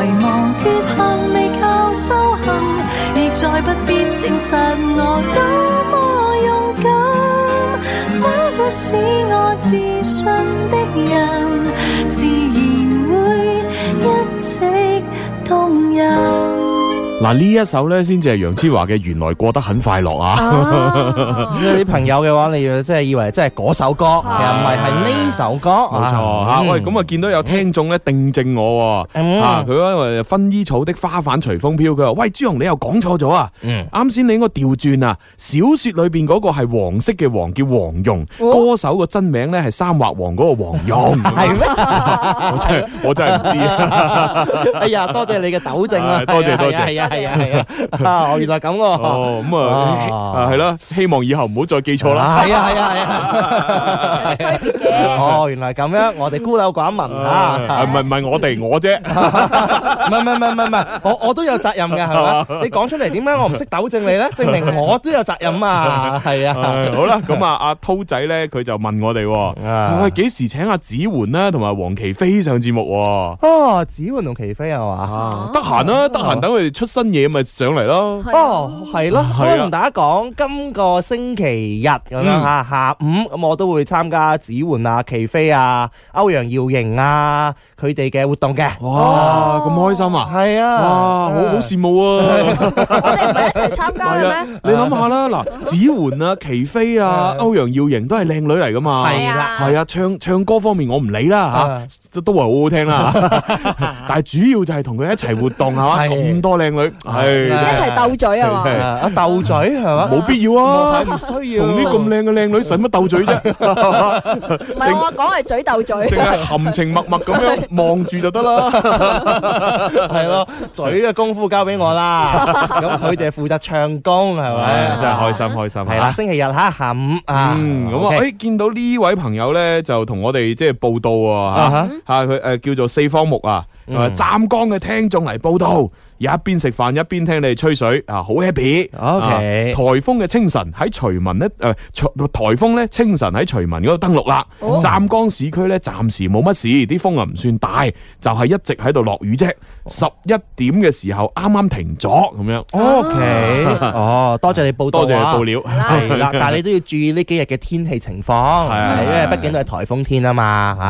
遺忘缺陷，未靠修行，亦再不必證實我多麼勇敢，找到使我自信的人。嗱呢一首咧，先至係楊千嬅嘅《原來過得很快樂、啊啊 》啊！你朋友嘅話，你真係以為，真係嗰首歌，其實唔係係呢首歌。冇錯吓，喂、嗯，咁啊見到有聽眾咧，定正我啊，佢因為薰衣草的花瓣隨風飄，佢話：喂，朱紅，你又講錯咗啊！嗯啱先你應該調轉啊！小說裏邊嗰個係黃色嘅黃，叫黃蓉。哦、歌手個真名咧係三畫王嗰個黃蓉，係、哦、咩 是嗎？ 我真係我真係唔知啊！ 哎呀，多謝你嘅糾正啊、哎、多謝多謝，啊。係啊係啊，係啊原來咁喎，哦咁啊，係、oh, 咯、嗯啊啊，希望以後唔好再記錯啦。係啊係啊係啊，哦、啊啊啊 啊啊啊嗯、原來咁樣，我哋孤陋寡聞啊。唔係唔係我哋我啫，唔係唔係唔係唔係，我我都有責任嘅，係嘛，你講出嚟點解我唔識糾正你咧？證明我都有責任啊，係 啊，好啦，咁啊阿濤仔咧佢就問我哋，喂，幾時請阿子煥咧同埋黃琪飛上節目？哦，子煥同琪飛啊。話？得閒啦，得閒等佢哋出新。啊啊啊啊啊新嘢咪上嚟咯、啊、哦，係咯、啊啊，我同大家講今個星期日咁樣吓下午，咁我都會參加指煥啊、齊飛啊、歐陽耀瑩啊佢哋嘅活動嘅。哇，咁開心啊！係啊，哇，啊、好好羨慕啊！你唔係一齊參加咩、啊？你諗下啦，嗱，指煥啊、齊飛啊、歐陽、啊啊啊、耀瑩都係靚女嚟噶嘛。係啊，係啊，唱唱歌方面我唔理啦吓、啊，都都話好好聽啦。 但係主要就係同佢一齊活動係咁多靚女。係一齊鬥嘴啊！阿，鬥嘴係嘛，冇必要啊，唔需要。同啲咁靚嘅靚女使乜鬥嘴啫？唔係我講係嘴鬥嘴，淨係含情脈脈咁樣望住就得啦。係咯，嘴嘅功夫交俾我啦。咁佢哋係負責唱功係嘛？真係開心開心。係啦，星期日吓下午啊，咁啊，誒，見到呢位朋友咧，就同我哋即係報道啊吓，佢誒叫做四方木啊，湛江嘅聽眾嚟報道。又一邊食飯一邊聽你哋吹水 happy、okay、啊，好 happy！OK，台風嘅清晨喺徐聞咧，誒，台風咧清晨喺徐聞嗰度登陸啦。湛、oh. 江市區咧暫時冇乜事，啲風啊唔算大，就係、是、一直喺度落雨啫。十一點嘅時候啱啱停咗，咁樣。OK，哦，多謝你報道、啊、多謝你報料係啦， 但係你都要注意呢幾日嘅天氣情況，係因為畢竟都係台風天啊嘛，吓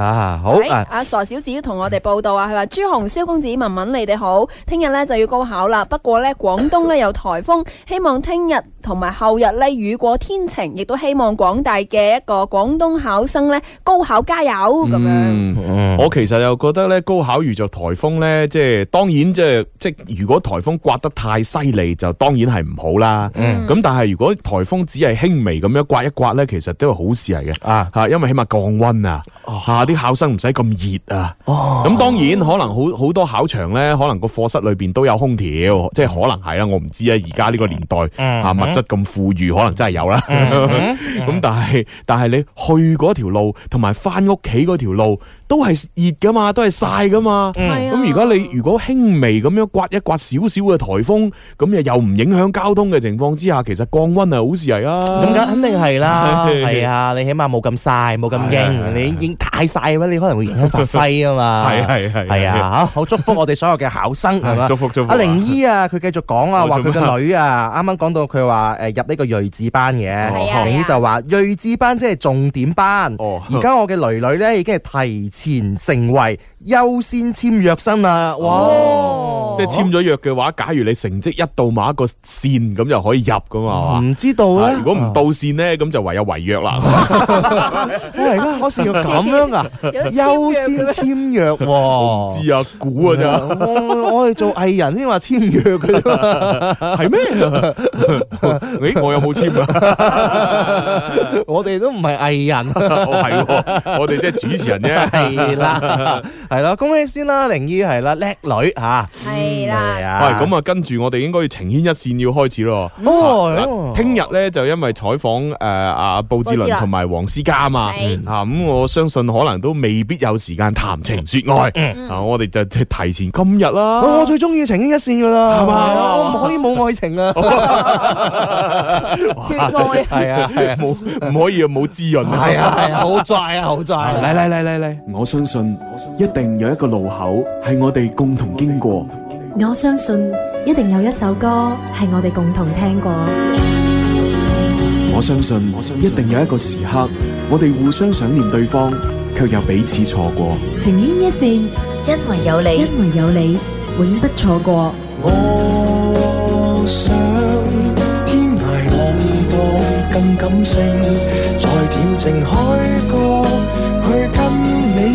啊好阿、哎、傻小子同我哋報道啊，佢話朱紅蕭公子文文，你哋好，聽日呢就要高考啦。不過呢，廣東呢有台風， 希望聽日同埋後日呢雨過天晴，亦都希望廣大嘅一個廣東考生呢高考加油咁、嗯、樣、嗯。我其實又覺得呢高考遇着台風。咧，即係當然，即係即係，如果颱風刮得太犀利，就當然係唔好啦。咁、嗯、但係如果颱風只係輕微咁樣刮一刮咧，其實都係好事嚟嘅啊啊！因為起碼降溫啊，吓啲考生唔使咁熱啊。咁、啊哦、當然可能好好多考場咧，可能個課室裏邊都有空調、嗯，即係可能係啦。我唔知啦，而家呢個年代啊，物質咁富裕，可能真係有啦。咁 但係但係你去嗰條路同埋翻屋企嗰條路。都係熱噶嘛，都係曬噶嘛。咁、嗯、如果你如果輕微咁樣刮一刮少少嘅颱風，咁又又唔影響交通嘅情況之下，其實降溫係好事嚟啊。咁梗肯定係啦，係 啊，你起碼冇咁曬，冇咁勁。你太曬嘅話，你可能會影響發揮啊嘛。係係係，係啊，好、啊啊、祝福我哋所有嘅考生係、啊啊啊啊啊啊啊啊、祝福阿、啊、玲、啊、姨啊，佢繼續講啊，話佢個女啊，啱啱講到佢話誒入呢個睿智班嘅，玲姨就話睿智班即係重點班。而、哦、家我嘅女女咧已經係提。前成為優先簽約生啦、啊，哇！哦、即係簽咗約嘅話，假如你成績一到某一個線，咁就可以入噶嘛？唔、嗯、知道啊！啊如果唔到線咧，咁、啊、就唯有違約啦。點 解、 哦、我成日咁樣啊？優先簽約喎。 知啊，估啊咋？我我係做藝人先話簽約嘅啫，係 咩什麼？ 咦？我有冇簽啊？ 我哋都唔係藝人， 哦、係我我哋即係主持人啫。 係啦，係啦，恭喜先，啊、02, 是啦，玲姨係啦，叻女吓，係啦，係咁啊，喂，跟住我哋應該要情牽一線要開始咯。哦，嗱、啊，聽日咧就因為採訪誒阿、呃、布志倫同埋黃思嘉啊嘛，啊咁、嗯嗯嗯、我相信可能都未必有時間談情說愛，嗯嗯、啊，我哋就提前今日啦。我最中意情牽一線噶啦，係嘛？唔可以冇愛情啊，該係啊，係啊，冇唔、啊、可以冇滋潤，係啊，係啊、嗯、啊，好在啊，好在、啊，嚟嚟嚟嚟嚟。我相信一定有一個路口，係我哋共同經過。我相信一定有一首歌，係我哋共同聽過。我相信，我相信一定有一個時刻，我哋互相想念對方，卻又彼此錯過。情牽一線，因為有你，因為有你，永不錯過。我想天涯浪蕩更感性，在恬靜海角。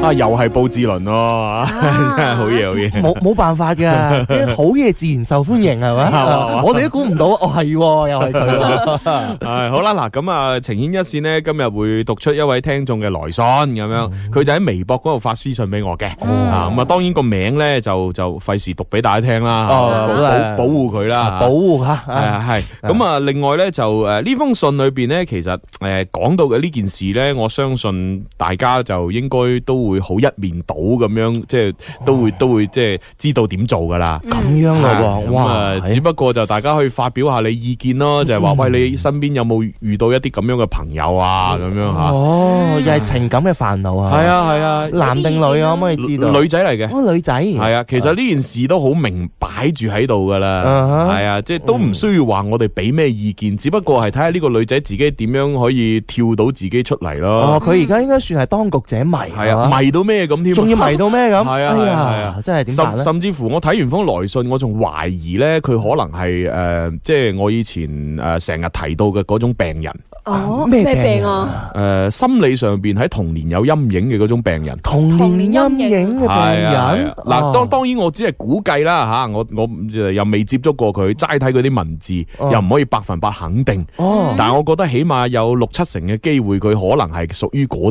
啊，又係布智輪咯，真係好嘢，好嘢！冇冇辦法噶，即係好嘢自然受歡迎係嘛？我哋都估唔到哦，係又係佢。係好啦，嗱咁啊，晴天一綫咧，今日會讀出一位聽眾嘅來信咁樣，佢就喺微博嗰度發私信俾我嘅。啊，咁啊，當然個名咧就就費事讀俾大家聽啦，保保護佢啦，保護吓，係係咁啊。另外咧就誒呢封信裏邊咧，其實誒講到嘅呢件事咧，我相信大家就應該都。會好一面倒咁樣，即係都會都會即係知道點做噶啦，咁樣咯、啊啊嗯，哇！只不過就大家可以發表下你意見咯，嗯、就係、是、話喂，你身邊有冇遇到一啲咁樣嘅朋友啊？咁樣吓哦，嗯、又係情感嘅煩惱啊！係啊係啊，啊，男定女啊？可唔可以知道女仔嚟嘅，女仔係、哦、啊。其實呢件事都好明擺住喺度噶啦，係啊，啊、嗯、啊，即係都唔需要話我哋俾咩意見、嗯，只不過係睇下呢個女仔自己點樣可以跳到自己出嚟咯。哦，佢而家應該算係當局者迷，係啊。迷到咩咁添？仲要迷到咩咁？係啊係啊，哎、呀真係點辦？甚至乎我睇完封來信，我仲懷疑咧，佢可能係誒、呃，即係我以前誒成日提到嘅嗰種病人。哦，咩病啊？誒、呃，心理上邊喺童年有陰影嘅嗰種病人。童年陰影嘅病人。嗱，當、哎呀哦、當然我只係估計啦，吓、啊、我我又未接觸過佢，齋睇嗰啲文字，又唔可以百分百肯定。哦、嗯。但係我覺得起碼有六七成嘅機會，佢可能係屬於嗰啲誒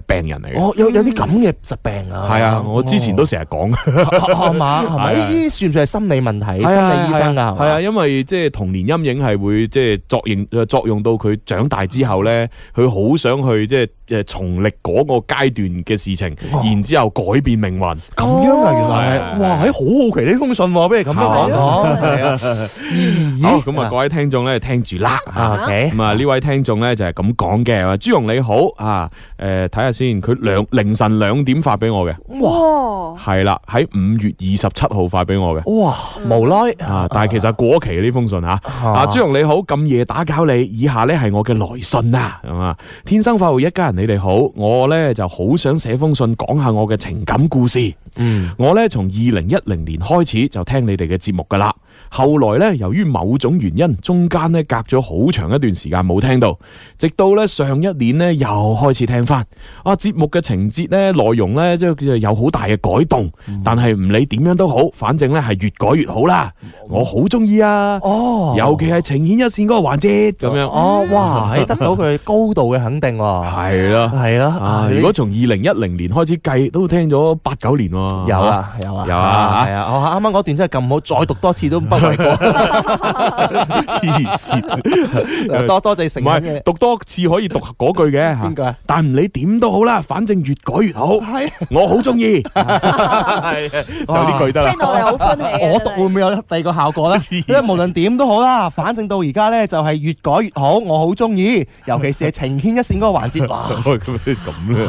病人嚟嘅、哦嗯哦。有有啲。有有咁嘅疾病啊，係啊，我之前都成日講，係咪？呢啲，啊、算唔算係心理問題？啊、心理醫生啊，係啊，因為即係童年陰影係會即係作作用到佢長大之後咧，佢好想去即係。即係從力嗰個階段嘅事情，然之後改變命運。咁樣啊，原來哇，哎，好好奇呢封信，話俾你咁樣講。係啊，好咁啊，各位聽眾咧聽住啦。O K，咁啊呢位聽眾咧就係咁講嘅。朱榮你好啊，誒睇下先，佢兩凌晨兩點發俾我嘅。哇，係啦，喺五月二十七號發俾我嘅。哇，無奈，啊，但係其實過咗期呢封信啊。啊，朱榮你好，咁夜打攪你，以下咧係我嘅來信啊。係嘛，天生快活一家人。你哋好，我咧就好想寫封信講下我嘅情感故事。嗯，我咧從二零一零年開始就聽你哋嘅節目噶啦。後來咧，由於某種原因，中間咧隔咗好長一段時間冇聽到，直到咧上一年咧又開始聽翻。啊，節目嘅情節咧、內容咧，即係有好大嘅改動。但係唔理點樣都好，反正咧係越改越好啦。我好中意啊！哦，尤其係呈現一線嗰個環節咁樣。哦，哇！係得到佢高度嘅肯定喎。係咯，係咯。如果從二零一零年開始計，都聽咗八九年喎。有啊，有啊，有啊，係啊。我啱啱嗰段真係咁好，再讀多次都。黐 線，多多謝成唔係讀多次可以讀嗰句嘅，邊個？但唔理點都好啦，反正越改越好。我好中意，就呢句得啦。我、啊、 好分、啊，我讀會唔會有第二個效果啦？因為無論點都好啦，反正到而家咧就係越改越好，我好中意。尤其是係情牽一線嗰個環節，咁咧？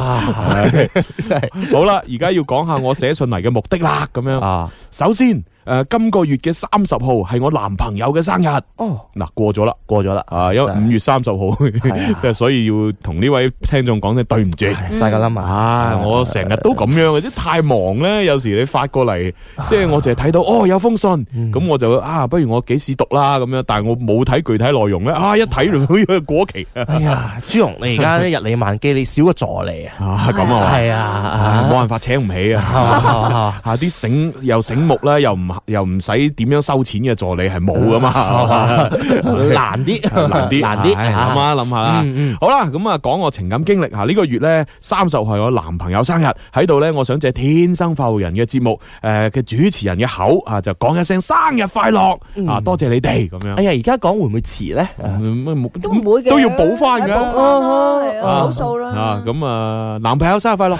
樣呢 好啦，而家要講下我寫信嚟嘅目的啦，咁樣啊，首先。誒，今個月嘅三十號係我男朋友嘅生日。哦，嗱，過咗啦，過咗啦。啊，因為五月三十號，即係所以要同呢位聽眾講聲，對唔住晒㗎啦。啊，我成日都咁樣，即係太忙咧。有時你發過嚟，即係我就係睇到，哦，有封信，咁我就啊，不如我幾時讀啦咁樣。但係我冇睇具體內容咧，啊，一睇落去過期。哎呀，朱紅，你而家日理萬機，你少個助理啊？啊，咁啊嘛。係啊，冇辦法，請唔起啊。吓，啲醒又醒目啦，又唔～又唔使點樣收錢嘅助理係冇噶嘛，難啲，難啲，難啲，諗下諗下。好啦，咁啊講我情感經歷吓，呢個月咧三十號我男朋友生日喺度咧，我想借天生快活人嘅節目誒嘅主持人嘅口啊，就講一聲生日快樂啊，多謝你哋咁樣。哎呀，而家講會唔會遲咧？都唔會，都要補翻嘅，補數啦。啊，咁啊，男朋友生日快樂。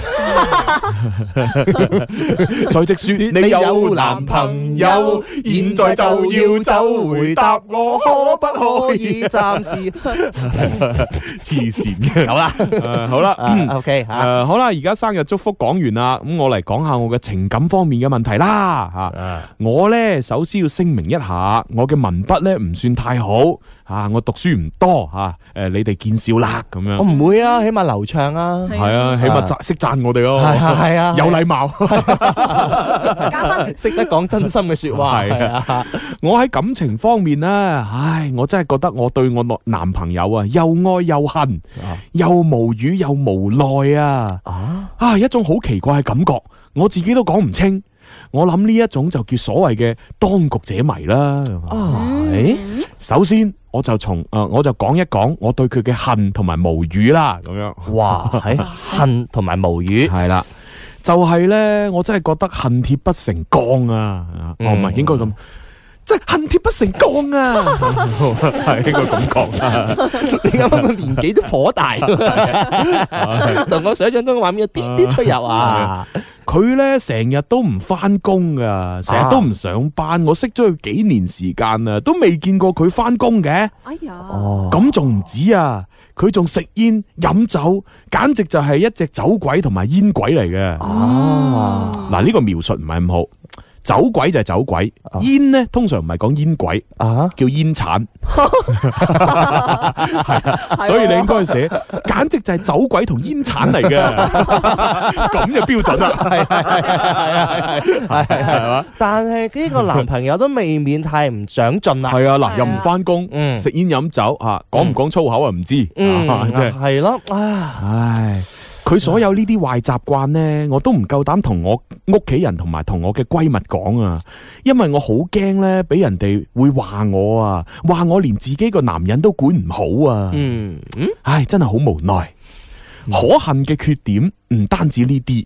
在直說，你有男朋友。有，現在就要走回答我，可不可以暫時 神經病？黐線嘅， uh, 好啦，uh, okay, uh. Uh, 好啦，OK 吓，好啦，而家生日祝福講完啦，咁我嚟講下我嘅情感方面嘅問題啦，吓、uh.，我咧首先要聲明一下，我嘅文筆咧唔算太好。啊，我讀書唔多吓，誒、啊、你哋見笑啦咁樣。我、哦、唔會啊，起碼流暢啊。係啊，啊，起碼讚識讚我哋咯、啊。係啊係啊，啊，有禮貌、啊、識、啊啊、 得講真心嘅說話。係、啊啊啊、我喺感情方面咧、啊，唉，我真係覺得我對我男朋友啊，又愛又恨，啊、又無語又無奈啊。啊，啊一種好奇怪嘅感覺，我自己都講唔清。我諗呢一種就叫所謂嘅當局者迷啦。啊、嗯，首先。我就從誒、呃，我就講一講我對佢嘅恨同埋無語啦，咁樣。哇，喺、欸、 恨同埋無語，係啦，就係、是、咧，我真係覺得恨鐵不成鋼啊！我唔係，啊、應該咁。即係恨鐵不成鋼啊！係呢個感覺啊。你啱啱個年紀都頗大，同我想象中嘅畫面有啲啲出入啊。佢咧成日都唔翻工噶，成日都唔上班。我識咗佢幾年時間啊，都未見過佢翻工嘅。哎呀，咁仲唔止啊？佢仲食煙飲酒，簡直就係一隻酒鬼同埋煙鬼嚟嘅。哦，嗱，呢個描述唔係咁好。.酒鬼就係酒鬼，煙咧通常唔係講煙鬼，啊，煙煙鬼啊叫煙鏟，係 啊， 所以你應該寫， 簡直就係酒鬼同煙鏟嚟嘅，咁 嘅標準啊，係係係係係係係係但係呢個男朋友都未免太唔長進啦，係啊嗱，又唔翻工，食煙飲酒說不說啊，講唔講粗口啊唔知，係咯、啊啊，唉。唉佢所有呢啲壞習慣呢，我都唔夠膽同我屋企人同埋同我嘅閨蜜講啊，因為我好驚呢，俾人哋會話我啊，話我連自己個男人都管唔好啊，嗯。嗯，唉，真係好無奈。嗯，可恨嘅缺點唔單止呢啲，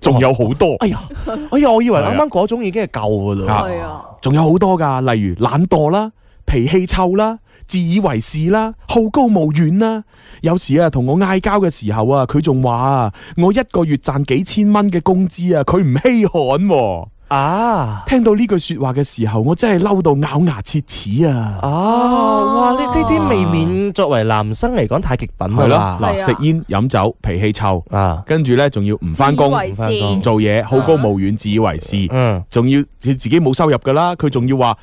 仲 有好多。哎呀，哦，哎呀，哎，我以為啱啱嗰種已經係夠噶啦，仲，啊，有好多噶，例如懶惰啦，脾氣臭啦。自以為是啦，好高騖遠啦。有時啊，同我嗌交嘅時候啊，佢仲話啊，我一個月賺幾千蚊嘅工資啊，佢唔稀罕。啊！聽到呢句說話嘅時候，我真係嬲到咬牙切齒啊！啊！哇！呢啲未免作為男生嚟講太極品啦。係食煙飲酒，脾氣臭，啊、跟住呢，仲要唔翻工，唔做嘢，好高騖遠，自以為是。嗯，仲、啊、要佢自己冇收入噶啦，佢仲要話。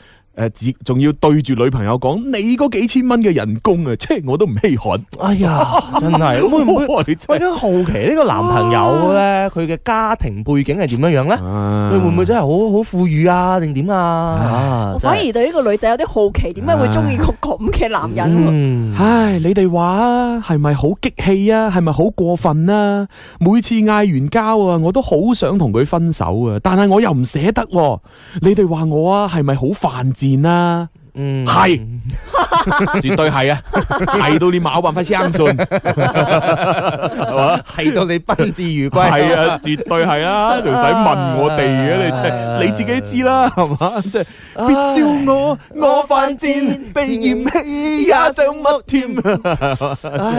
誒，仲要對住女朋友講，你嗰幾千蚊嘅人工啊，即係我都唔稀罕。哎呀，真係會唔會？我真係好奇呢個男朋友咧，佢、啊、嘅家庭背景係點樣樣咧？啊、佢會唔會真係好好富裕啊？定點啊，啊？我反而對呢個女仔有啲好奇，點解會中意個咁嘅男人、啊嗯？唉，你哋話啊，係咪好激氣啊？係咪好過分啊？每次嗌完交啊，我都好想同佢分手啊，但係我又唔捨得、啊。你哋話我啊，係咪好犯賤？你呢？嗯，係、嗯，絕對係啊，係 到你冇辦法相信，係 嘛，係到你賓至如歸，係啊，絕對係 啊，唔使問我哋嘅，你、啊、你自己知啦，係、啊、嘛，即係別笑我，我犯賤、嗯，被嫌棄也想乜添！啊」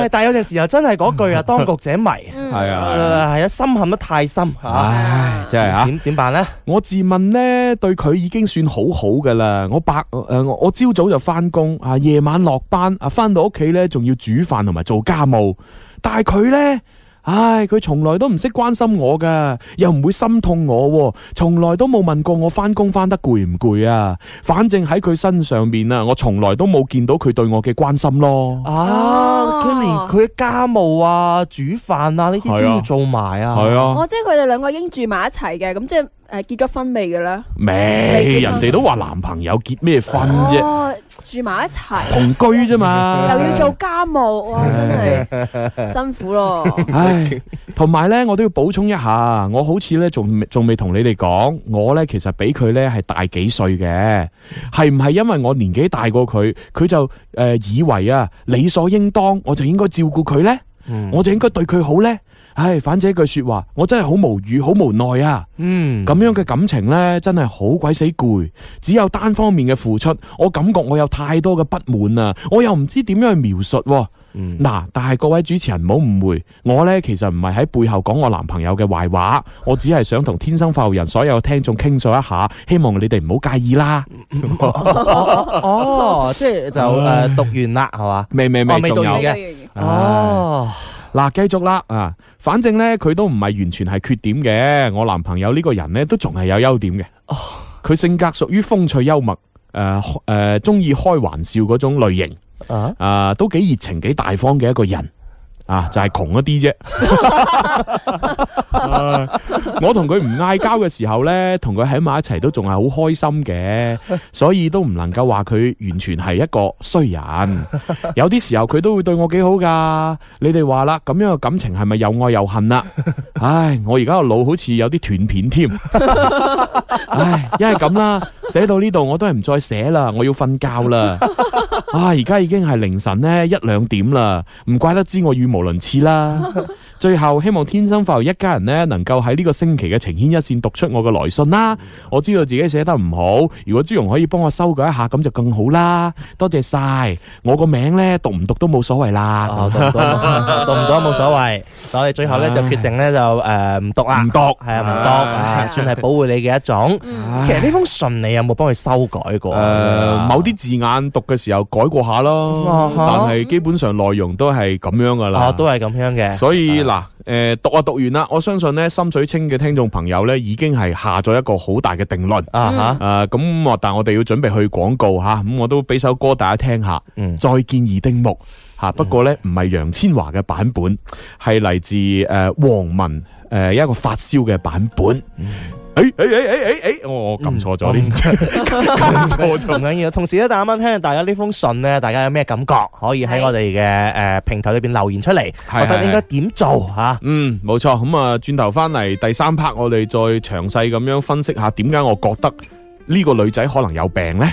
唉，但係有陣時候真係嗰句啊、嗯，當局者迷，係、嗯、啊，係、呃、啊，深陷得太深，啊、唉，真、就、係、是、啊，點點辦咧？我自問咧，對佢已經算好好噶啦，我白誒、呃、我。我朝早就翻工，啊夜晚落班，啊翻到屋企咧，仲要煮飯同埋做家務。但係佢呢，唉，佢從來都唔識關心我噶，又唔會心痛我，從來都冇問過我翻工翻得攰唔攰啊。反正喺佢身上面啊，我從來都冇見到佢對我嘅關心咯。啊，佢連佢家務啊、煮飯啊呢啲都要做埋啊。係啊，即係佢哋兩個已經住埋一齊嘅，咁即係。誒，結咗婚未嘅啦？未，人哋都話男朋友結咩婚啫？住埋一齊，同居啫嘛。 又要做家務，哇，真係 辛苦咯，啊。唉，同埋咧，我都要補充一下，我好似咧仲仲未同你哋講，我咧其實比佢咧係大幾歲嘅，係唔係因為我年紀大過佢，佢就誒、呃、以為啊理所應當，我就應該照顧佢咧，我就應該對佢好咧？唉，反正一句說話，我真係好無語，好無奈啊！嗯，咁樣嘅感情呢，真係好鬼死攰，只有單方面嘅付出，我感覺我有太多嘅不滿啊。我又唔知點樣去描述啊。嗯，嗱，但係各位主持人唔好誤會，我呢其實唔係喺背後講我男朋友嘅壞話，我只係想同天生快活人所有聽眾傾訴一下，希望你哋唔好介意啦。 哦，哦，哦，哦，即係就誒，讀完啦，係嘛？未未未，仲有嘅哦。嗱，繼續啦，啊，反正呢，佢都唔係完全係缺點嘅，我男朋友呢個人呢，都仲係有優點嘅，佢性格屬於風趣幽默，誒、呃、誒，呃、中意開玩笑嗰種類型，啊、呃，都幾熱情、幾大方嘅一個人。啊，就係、是、窮一啲啫。 我同佢唔嗌交嘅時候咧，同佢喺埋一齊都仲係好開心嘅，所以都唔能夠話佢完全係一個衰人。有啲時候佢都會對我幾好噶。你哋話啦，咁樣嘅感情係咪又愛又恨啊？唉，我而家個腦好似有啲斷片添。唉，因為咁啦，寫到呢度我都係唔再寫啦，我要瞓覺啦。啊，而家已經係凌晨咧一兩點啦，唔怪得之我羽毛無倫次啦～最後希望天生快活人一家人咧，能夠喺呢個星期嘅晴天一線讀出我嘅來信啦。我知道自己寫得唔好，如果朱容可以幫我修改一下，咁就更好啦。多謝晒，我個名咧讀唔讀都冇所謂啦。讀唔讀，讀唔讀冇所謂。我哋最後咧就決定咧就誒唔讀啊，唔讀係啊，唔讀啊，算係保護你嘅一種。其實呢封信你有冇幫佢修改過？誒，某啲字眼讀嘅時候改過下咯，但係基本上內容都係咁樣噶啦。哦，都係咁樣嘅。所以。嗱，誒，讀啊讀完啦，我相信呢心水清嘅聽眾朋友呢已經係下咗一個好大嘅定論啊吓，咁啊，但係我哋要準備去廣告吓，咁我都俾首歌大家聽下，再見二丁目吓，uh -huh. 不過呢唔係楊千嬅嘅版本，係嚟自誒黃、呃、文誒、呃、一個發燒嘅版本。Uh -huh. 誒誒誒誒誒誒，我我撳錯咗添，撳錯咗，唔緊要。同時咧，大家啱啱聽下大家呢封信咧，大家有咩感覺？可以喺我哋嘅誒平台裏邊留言出嚟，覺得應該點做吓？嗯，冇錯。咁啊，轉頭翻嚟第三 part，我哋再詳細咁樣分析下，點解我覺得呢個女仔可能有病咧？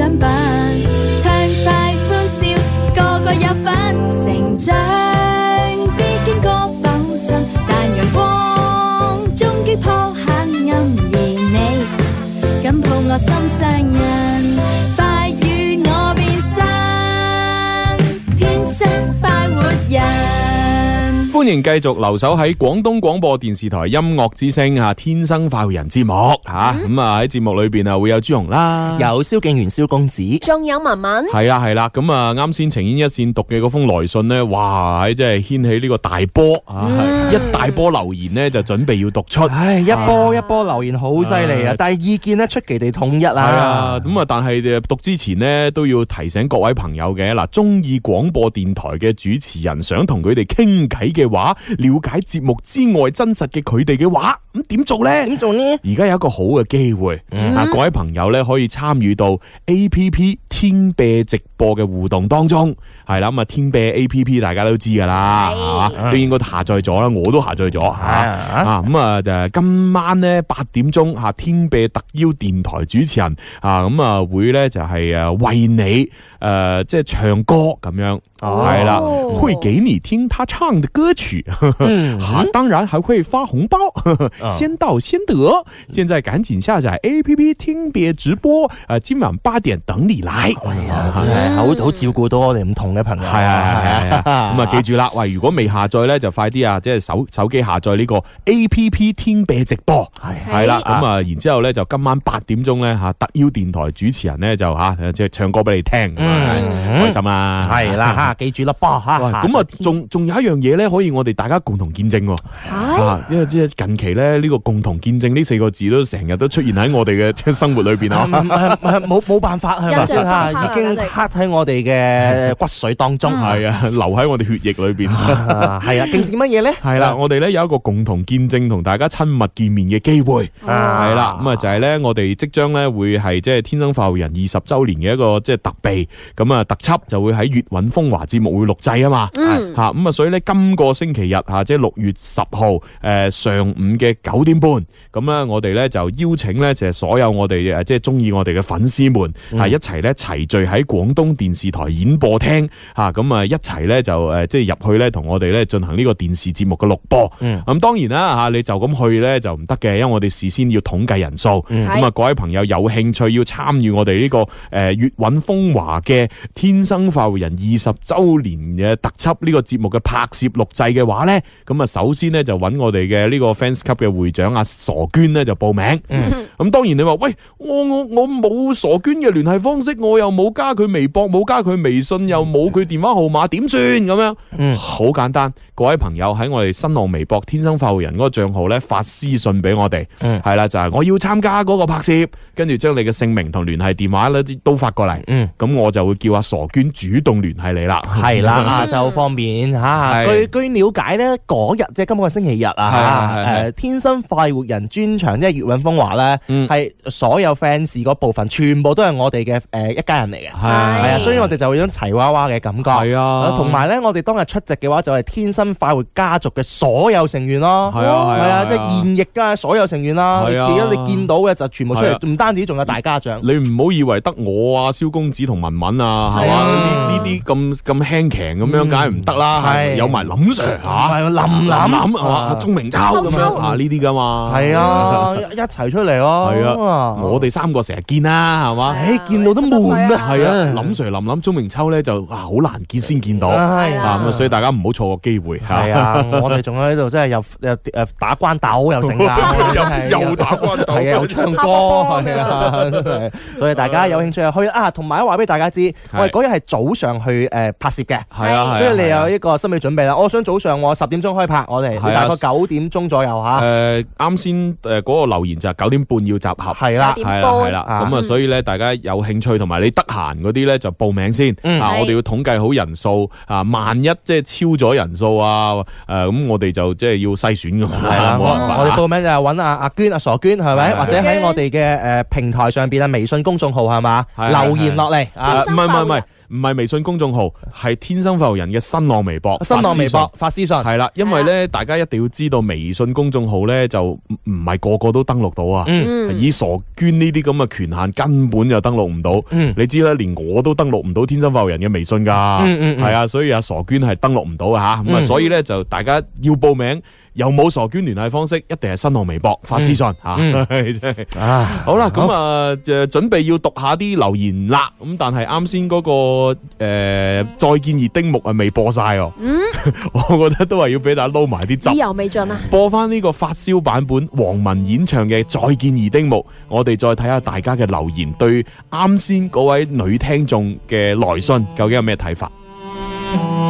暢快歡笑，個個有份成長。必經過浮沉，但陽光終擊破黑暗而美，而你敢抱我心上人。歡迎繼續留守喺廣東廣播電視台音樂之聲吓《天生快活人》節目吓，咁、嗯、啊喺、嗯、節目裏邊啊會有朱紅啦，有蕭敬元、蕭公子，仲有文文，係啊係啦，咁啊啱先情牽一線讀嘅嗰封來信呢，哇！即係掀起呢個大波啊、嗯，一大波留言呢，就準備要讀出，唉、哎，一波、啊、一波留言好犀利啊，啊！但係意見呢，出奇地統一啊，咁、嗯、啊，但係讀之前呢，都要提醒各位朋友嘅嗱，中意廣播電台嘅主持人，想同佢哋傾偈嘅。話了解節目之外真實嘅佢哋嘅話，咁點做咧？點做呢？而家有一個好嘅機會，嗱、嗯啊，各位朋友咧可以參與到 A P P 天貝直播嘅互動當中，係啦咁啊，天貝 A P P 大家都知噶啦，吓都、啊、應該下載咗啦，我都下載咗，吓啊咁啊就係、啊、今晚咧八點鐘吓，天貝特邀電台主持人啊，咁啊會咧就係誒為你。誒、呃，即係唱歌咁樣，係、哦、啦，會給你聽他唱的歌曲，嗯、呵呵當然還會發紅包，嗯、先到先得。現在趕緊下載 A P P 聽別直播，啊，今晚八點等你來。哎真嗯、好，好照顧到，我哋唔同嘅朋友，係係係，咁啊、 嗯嗯，記住啦，喂，如果未下載咧，就快啲啊，即係手手機下載呢個 A P P 聽別直播，係係啦，咁啊、嗯嗯，然之後咧就今晚八點鐘咧吓，特邀電台主持人咧就吓，即、啊、係唱歌俾你聽。嗯嗯、開心啦、啊，係啦吓，記住啦噃吓。咁、嗯、啊，仲仲有一樣嘢咧，可以我哋大家共同見證、啊、因為即係近期咧，呢、這個共同見證呢四個字都成日都出現喺我哋嘅即生活裏邊啊。唔冇冇辦法係已經刻喺我哋嘅、嗯呃、骨髓當中，係啊，的留喺我哋血液裏邊。係啊，乜嘢咧？係啦，我哋咧有一個共同見證同大家親密見面嘅機會。係、啊、啦，咁啊就係咧，我哋即將咧會係即係天生快活人二十周年嘅一個即係特備。咁啊，特輯就會喺粵韻風華節目會錄製啊嘛，吓咁啊，所以咧今個星期日吓，即係六月十號誒上午嘅九點半，咁咧我哋咧就邀請咧就係所有我哋誒即係中意我哋嘅粉絲們，係嗯、一齊咧齊聚喺廣東電視台演播廳，吓咁啊一齊咧就誒即係入去咧同我哋咧進行呢個電視節目嘅錄播。咁、嗯、當然啦吓，你就咁去咧就唔得嘅，因為我哋事先要統計人數。咁、嗯、啊、嗯，各位朋友有興趣要參與我哋呢個誒粵韻風華。嘅天生快活人二十周年嘅特輯呢個節目嘅拍攝錄製嘅話呢，咁啊首先呢就揾我哋嘅呢個 fans club 嘅會長阿傻娟呢就報名。咁、嗯、當然你話喂，我我我冇傻娟嘅聯繫方式，我又冇加佢微博，冇加佢微信，又冇佢電話號碼，點算咁樣？好、嗯、簡單，各位朋友喺我哋新浪微博天生快活人嗰個賬號呢發私信俾我哋。嗯，係啦，就係、是、我要參加嗰個拍攝，跟住將你嘅姓名同聯繫電話呢都發過嚟。嗯，咁我就。就會叫阿傻娟主動聯繫你啦，係啦，就好方便吓、啊啊啊。據據了解咧，嗰日即係今個星期日啊，啊，啊，啊，天生快活人專場，即係葉韻風華咧，係、嗯、所有 fans 嗰部分全部都係我哋嘅誒一家人嚟嘅。係啊，啊，啊，所以我哋就有種齊娃娃嘅感覺，係啊。同埋咧，我哋當日出席嘅話就係、是、天生快活家族嘅所有成員咯，係啊，即係、啊啊啊就是、現役嘅所有成員啦。係、啊、你見到嘅就全部出嚟，唔、啊、單止仲有大家長。你唔好以為得我啊，蕭公子同文文。啊，係、啊啊嗯啊啊啊啊、嘛？呢啲咁咁輕騎咁樣，梗係唔得啦。係有埋林 Sir 嚇，林林啊嘛，鍾明秋咁樣嚇，呢啲噶嘛。係啊，一齊出嚟咯、啊。係啊，啊，我哋三個成日見啦，係嘛？誒、啊，見到都悶啊。係啊，林 Sir、啊啊、林林、鍾明秋咧就好難見先見到。係啊，咁啊，所以大家唔好錯過機會。係啊，我哋仲喺度，真係又又誒打關鬥又成啦，又打關鬥，又唱歌，係啊，所以大家有興趣去啊，同埋話俾大家我哋嗰日係早上去誒拍攝嘅，係啊，所以你有一個心理準備啦、啊啊。我想早上我十點鐘開拍，我哋、啊、大概九點鐘左右嚇。誒、啊，啱先誒嗰個留言就係九點半要集合，係啦、啊，係啦，咁啊，啊，啊，啊、嗯，所以咧大家有興趣同埋你得閒嗰啲咧就報名先。嗯、啊，啊，我哋要統計好人數啊，萬一即係超咗人數啊，誒、啊、咁我哋就即係要篩選㗎。冇、啊、辦法、嗯、我哋報名就係揾阿阿娟阿、啊、傻娟係咪、啊？或者喺我哋嘅誒平台上邊啊，微信公眾號係嘛、啊，留言落嚟。唔係唔係唔係，唔係微信公眾號，係天生快活人嘅新浪微博，新浪微博發私信係啦。因為咧、啊，大家一定要知道微信公眾號咧就唔係個個都登錄到啊。嗯，以傻娟呢啲咁嘅權限根本就登錄唔到、嗯。你知啦，連我都登錄唔到天生快活人嘅微信噶。嗯嗯，嗯，係、嗯、啊，所以阿傻娟係登錄唔到啊吓。咁啊，所以咧就大家要報名。又冇傻娟聯繫方式，一定係新浪微博發私信嚇、嗯啊。 好啦，咁啊，就準備要讀下啲留言啦。咁但係啱先嗰個、呃、《再見二丁目》啊，未播晒哦。嗯， 我覺得都係要俾大家撈埋啲汁，意猶未盡啊！播翻呢個發燒版本黃文演唱嘅《再見二丁目》，我哋再睇下大家嘅留言，對啱先嗰位女聽眾嘅來信究竟有咩睇法？嗯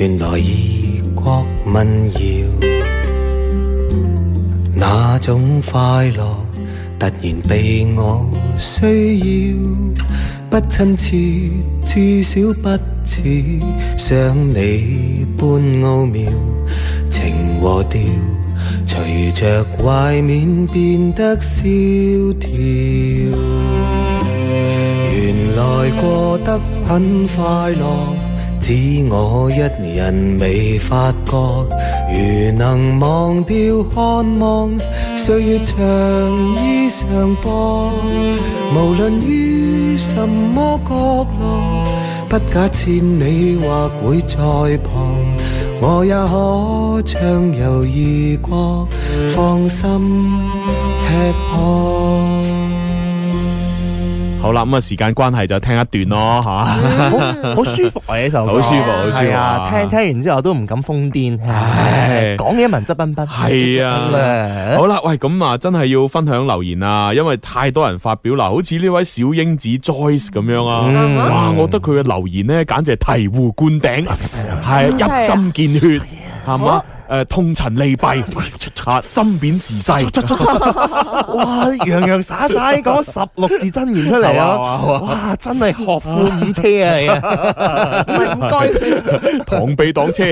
原來異國民謠，那種快樂突然被我需要，不親切，至少不似想你般奧妙，情和調隨着懷緬變得蕭條，原來過得很快樂。只我一人未發覺，如能忘掉渴望，歲月長衣裳薄。無論於什麼角落，不假設你或會在旁，我也可暢遊異國，放心吃喝。好啦，咁啊，時間關係就聽一段咯，吓、嗯，好 舒服啊，呢首歌好舒服，好舒服，啊，啊啊聽聽完之後都唔敢瘋癲，係講嘢文質彬彬，係啊，啊，好啦，喂，咁啊，真係要分享留言啦，因為太多人發表啦，好似呢位小英子 Joyce 咁樣啊、嗯嗯，哇，我覺得佢嘅留言咧，簡直係醍醐灌頂，係一針見血，係嘛、啊。誒、呃，痛陳利弊，啊，心變時勢、啊，哇，洋洋灑灑，講十六字真言出嚟咯、啊，哇，真係學富五車啊，唔、啊、該，螳、啊啊、臂擋車，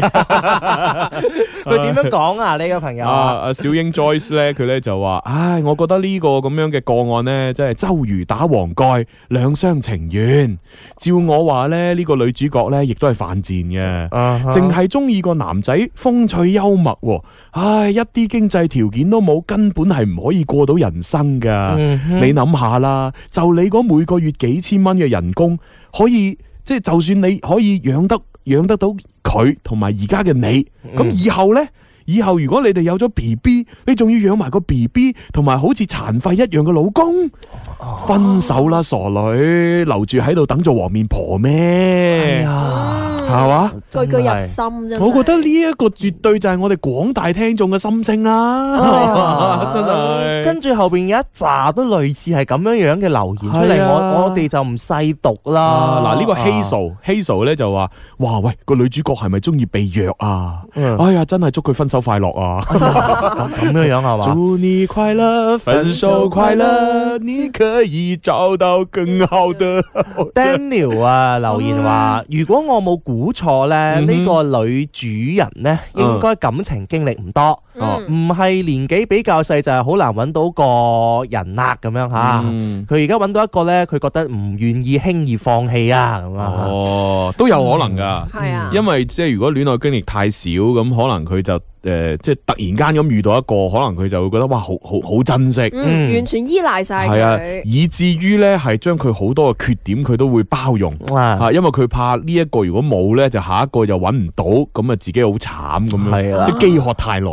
佢點樣講啊？呢個、啊啊、朋友啊，啊，小英 Joyce 咧，佢咧就話，唉、哎，我覺得呢個咁樣嘅個案呢，真係周瑜打黃蓋，兩廂情願。照我話咧，呢、這個女主角咧，亦都係犯賤嘅，淨係中意個男仔，風趣幽。幽默唉，一啲經濟條件都冇，根本係唔可以過到人生噶、嗯。你諗下啦，就你嗰每個月幾千蚊嘅人工，可以即係就算你可以養得養得到佢，同埋而家嘅你，咁、嗯、以後呢。以後如果你哋有咗 BB，你仲要養埋個 BB 同埋好似殘廢一樣嘅老公，分手啦傻女，留住喺度等做黃面婆咩？係、哎、嘛，句句入心啫。我覺得呢一個絕對就係我哋廣大聽眾嘅心聲啦，真係。跟住後邊有一紮都類似係咁樣樣嘅留言出嚟，我我哋就唔細讀啦。嗱，呢個 Hazel Hazel 咧就話，哇喂，個女主角係咪中意被虐啊？哎呀，哎呀真係、啊嗯嗯這個啊啊嗯哎、祝佢分手。快樂啊 這樣！咁樣樣係嘛？祝你快樂， 分手快樂， 你可以找到更好的。 Daniel 啊，哦、留言話：哦、如果我冇估錯咧，呢、嗯、個女主人咧，應該感情經歷唔多，唔、嗯、係、嗯、年紀比較細就係、是、好難揾到個人啦咁樣吓。佢而家揾到一個咧，佢、嗯、覺得唔願意輕易放棄啊咁啊。哦，都有可能噶，係啊，因為即係如果戀愛經歷太少，咁可能佢就。誒、呃，即係突然間咁遇到一個，可能佢就會覺得哇，好好好珍惜，嗯、完全依賴晒佢，以至於咧係將佢好多嘅缺點佢都會包容，啊，因為佢怕呢一個如果冇咧，就下一個又揾唔到，咁啊自己好慘咁樣，即係飢渴太耐。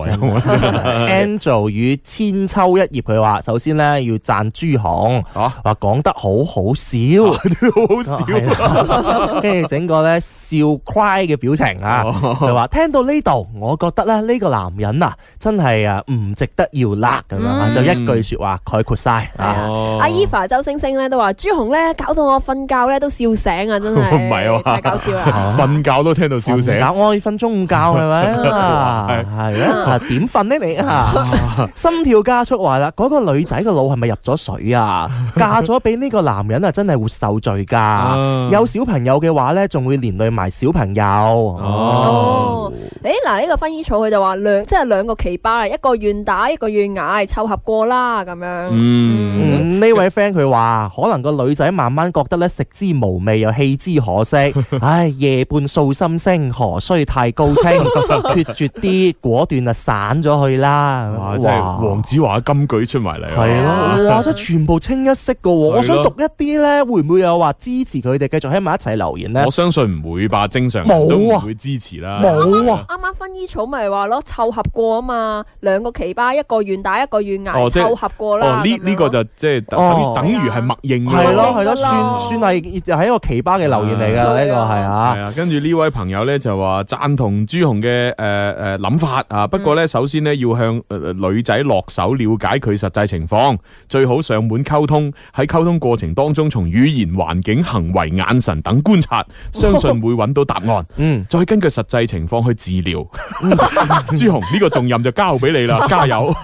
Angel 與千秋一葉，佢話首先咧要讚朱紅，話、啊、講得好好笑，好、啊、好笑，跟住整個咧笑 cry 嘅表情啊，佢話聽到呢度，我覺得咧呢。個男人啊，真係啊唔值得要辣咁樣、嗯，就一句說話概括晒啊！阿 Eva、周星星咧都話朱紅咧搞到我瞓覺咧都笑醒的不是笑啊！真係唔係啊太搞笑啊。瞓覺都聽到笑醒，我可以瞓中午覺係咪 是吧 啊？係點瞓咧你啊？ 心跳加速話啦，嗰、嗰個女仔個腦係咪入咗水啊？嫁咗俾呢個男人啊，真係會受罪噶、啊！有小朋友嘅話咧，仲會連累埋小朋友、啊、哦。誒、哦，嗱、哎、呢、呢個薰衣草佢就。話兩即係兩個奇葩啊，一個願打，一個願挨，湊合過啦咁樣。嗯、呢、嗯嗯、位 friend 佢話可能個女仔慢慢覺得咧，食之無味，又棄之可惜。 唉，夜半訴心聲，何須太高清？決 絕啲一， 果斷啊，散咗去啦。哇！即係黃子華金句出埋嚟。係咯，或者、啊啊、全部清一色噶。啊、 我想讀一啲咧，會唔會有話支持佢哋繼續喺埋一齊留言呢？我相信唔會吧，正常人都唔會支持啦。冇啊！啱啱薰衣草咪話。攞湊合過啊嘛，兩個奇葩，一個願打一個願挨、哦，湊合過啦。呢、哦、呢、呢個就即係等，等於係默認。係咯係咯，算係、啊係啊、算係又係一個奇葩嘅留言嚟㗎，呢個係啊。係啊、啊、啊、啊、啊，跟住呢位朋友咧就話贊同朱紅嘅誒誒諗法啊，不過咧首先呢要向、呃、女仔落手了解佢實際情況，最好上門溝通。喺溝通過程當中，從語言、環境、行為、眼神等觀察，相信會揾到答案。 嗯，再根據實際情況去治療。 朱紅呢，這個重任就交俾你啦，加油！